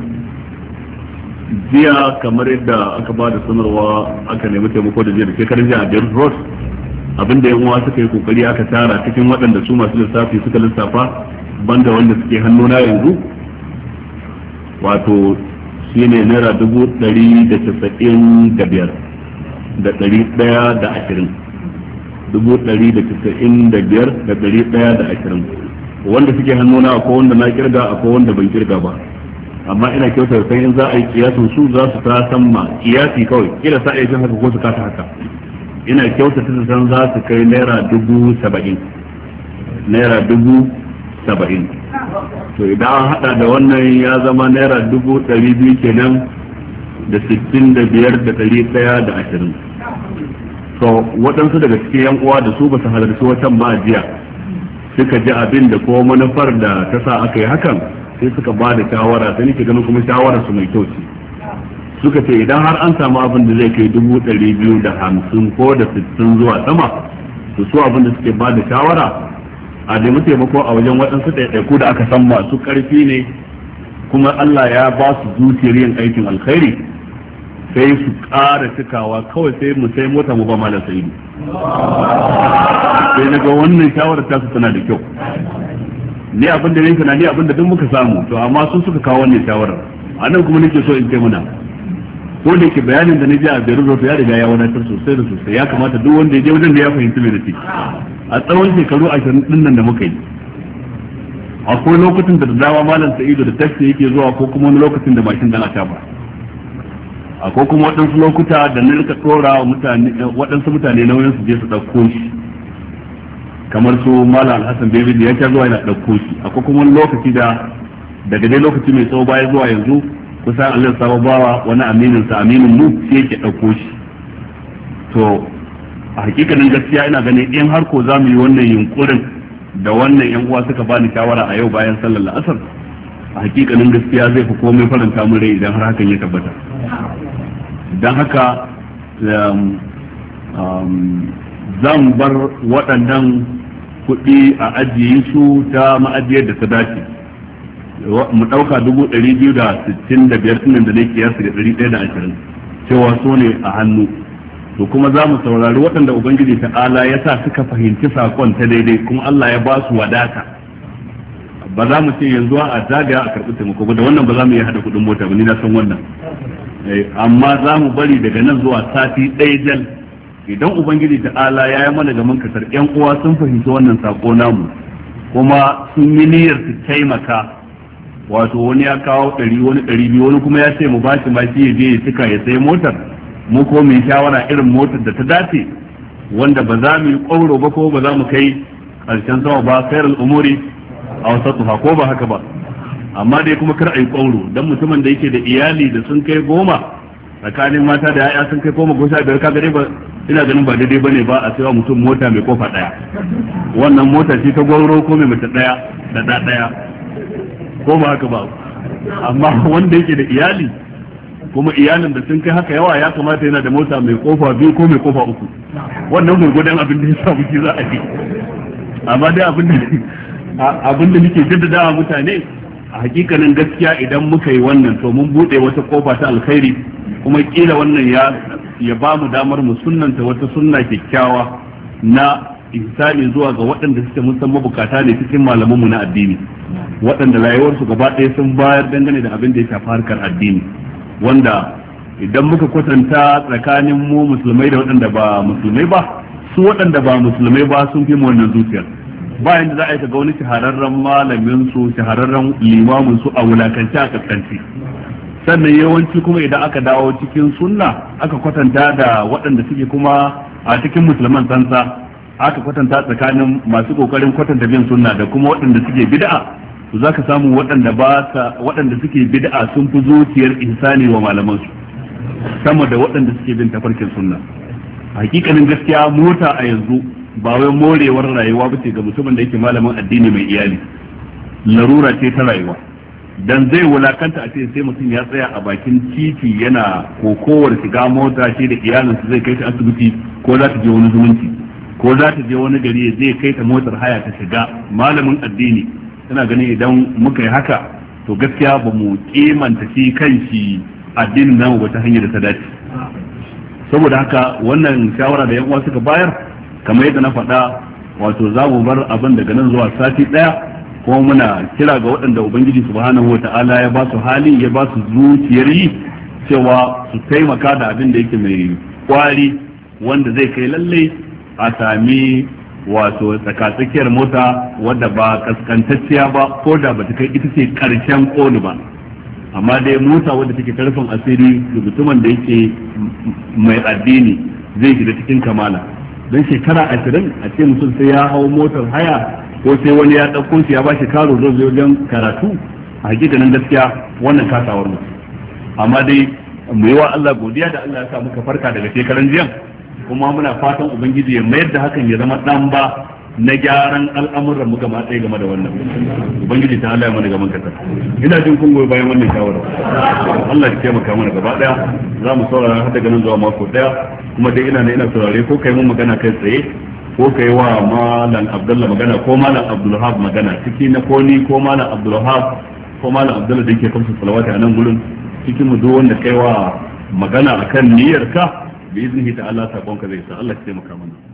jiya kamar yadda aka ba da sanarwa aka nemi taimako da jiya da shekarun jiya a James Ross abin da yan uwa suka yi kokari aka tara cikin waɗanda su masu lissafi suka lissafa banda wanda suke hannuna yanzu wato shi ne naira dubu ɗari da casa'in da biyar da ɗari ɗaya da ashirin dubu ɗari da casa'in da biyar da ɗari ɗaya da ashirin wanda suke hannuna akwai wanda na kirga akwai wanda ban kirga ba amma ina kyautar sai in za a yi kiyasin su za su ta san ma kiyasi kawai kila sa a yi haka ko su kasa haka ina kyautar su san za su kai naira dubu saba'in naira dubu saba'in to idan an hada da wannan ya zama naira dubu ɗari biyu kenan da sittin da biyar da ɗari ɗaya da ashirin to waɗansu daga cikin yan uwa da su basu halarci watan ma jiya suka ji abin da ko manufar da ta sa aka yi hakan sai suka ba da shawara sai nake ganin kuma shawara su mai kyau ce suka ce idan har an samu abin da zai kai dubu ɗari biyu da hamsin ko da sittin zuwa sama su su abin da suke ba da shawara a nemi taimako a wajen waɗansu ɗaiɗaiku da aka san masu ƙarfi ne kuma Allah ya ba su zuciyar yin aikin alkhairi sai su ƙara cikawa kawai sai mu sai mota mu ba malam sai sai daga wannan shawarar su tana da kyau ni abin da ne ni abin da duk muka samu to amma sun suka kawo wannan shawarar anan kuma nake so in ce muna ko da ke bayanin da na ji a Beirut ya riga ya wadatar sosai da sosai ya kamata duk wanda ya je wajen da ya fahimci mai da shi a tsawon shekaru ashirin din nan da muka yi akwai lokacin da dawa malam sa'idu da taxi yake zuwa ko kuma wani lokacin da mashin dana a ba akwai kuma waɗansu lokuta da na rika tsora mutane waɗansu mutane nauyin su je su ɗauko shi kamar su malam alhassan da ya ta zuwa yana ɗauko shi akwai kuma wani lokaci da daga dai lokaci mai tsawo baya zuwa yanzu Kusan Allah sawo bawa wani aminin sa aminin mu sai yake dauko shi to a hakikanin gaskiya ina ganin in har ko zamu yi wannan yunkurin da wannan yan uwa suka bani shawara a yau bayan sallar la'asar a hakikanin gaskiya zai fi komai faranta mun rai idan har hakan ya tabbata dan haka um, um, zan bar waɗannan kuɗi a ajiye su ta ma'ajiyar da ta dace mu ɗauka dubu ɗari biyu da sittin da biyar da ne da ɗari ɗaya da ashirin cewa so ne a hannu to kuma za mu saurari waɗanda ubangiji ta'ala ya sa suka fahimci saƙon ta daidai kuma Allah ya ba su wadata ba za mu ce yanzu a zagaya a karɓi taimako ba da wannan ba za mu yi haɗa kuɗin mota ba ni na san wannan eh, amma za mu bari daga nan zuwa sati ɗaya jal idan ubangiji ta'ala ya yi mana gaman kasar yan uwa sun fahimci wannan saƙo namu kuma sun yi niyyar su taimaka wato wani ya kawo ɗari wani ɗari biyu wani kuma ya ce mu bashi ma shi ya je ya cika ya sai motar mu ko mu shawara irin motar da ta dace wanda ba za mu yi ƙwauro ba ko ba za mu kai ƙarshen sama ba sayar umuri a wasu ko ba haka ba amma dai kuma kar a yi ƙwauro don mutumin da yake da iyali da sun kai goma tsakanin mata da ya'ya sun kai goma ko sha biyar kaga dai ba ina ganin ba daidai bane ba a sayawa mutum mota mai kofa daya wannan mota ce ta gwauro ko mai mace ɗaya da ɗa ɗaya ko ba haka ba amma wanda yake da iyali kuma iyalin da sun kai haka yawa ya kamata yana da mota mai kofa biyu ko mai kofa uku wannan gurgudan abin da ya samu ki za a yi amma dai abin da abin da nake jaddadawa mutane a hakikanin gaskiya idan muka yi wannan to mun bude wata kofa ta alkhairi kuma kila wannan ya ya ba mu damar mu sunnanta wata sunna kyakkyawa na ihsani zuwa ga waɗanda suke mun san mabukata ne cikin malamanmu na addini waɗanda rayuwarsu gaba ɗaya sun bayar dangane da abin da ya shafi harkar addini wanda idan muka kwatanta tsakanin mu musulmai da waɗanda ba musulmai ba su waɗanda ba musulmai ba sun fi mu wannan zuciyar bayan da za a yi ga wani shahararren malamin su shahararren limamin su a wulakance a kaskanci sannan yawanci kuma idan aka dawo cikin sunna aka kwatanta da waɗanda suke kuma a cikin musulman sansa aka kwatanta tsakanin masu kokarin kwatanta bin sunna da kuma waɗanda suke bid'a to zaka samu waɗanda ba sa waɗanda suke bid'a sun fi zuciyar insani wa malaman su sama da waɗanda suke bin tafarkin sunna hakikanin gaskiya mota a yanzu ba wai morewar rayuwa ba ce, ga mutumin da yake malamin addini mai iyali larura ce ta rayuwa dan zai wulakanta a ce sai mutum ya tsaya a bakin titi yana kokowar shiga mota shi da iyalinsa zai kai shi asibiti ko za ta je wani zumunci ko za ta je wani gari zai kai ta motar haya ta shiga malamin addini tana ganin idan muka yi haka to gaskiya ba mu kimanta shi kan shi addinin namu ba ta hanyar da ta dace saboda haka wannan shawara da yan uwa suka bayar kamar yadda na faɗa wato za mu bar abin daga nan zuwa sati ɗaya kuma muna kira ga waɗanda ubangiji subhanahu wa ta'ala ya ba su halin ya ba su zuciyar yi cewa su taimaka da abin da yake mai kwari wanda zai kai lallai a sami wato tsakatsakiyar mota wadda ba kaskantacciya ba ko da ba ta kai ita ce karshen koli ba amma dai mota wadda take karfin asiri da mutumin da yake mai addini zai shiga cikin kamala don shekara ashirin a ce mutum sai ya hau motar haya ko sai wani ya ɗauko shi ya ba shi karo zai wajen karatu a hakikanin gaskiya wannan kasawar mutum amma dai mu yi wa Allah godiya da Allah ya sa muka farka daga shekaran jiyan kuma muna fatan ubangiji ya mayar da hakan ya zama dan ba na gyaran al'amuran mu gaba ɗaya game da wannan ubangiji ta halaye mana gaban kasa ina jin kun goyi bayan wannan shawara Allah ya taimaka mana gaba ɗaya za mu saurara har daga nan zuwa mako ɗaya kuma dai ina ne ina saurare ko kai mun magana kai tsaye ko kai wa malam Abdullah magana ko malam Abdulhab magana ciki na ko ni ko malam Abdulhab ko malam Abdul da yake kamsa salawata a nan gurin cikin mu duk wanda kai wa magana akan niyyarka bi iznihi ta'ala sakon ka zai sa Allah ya taimaka mana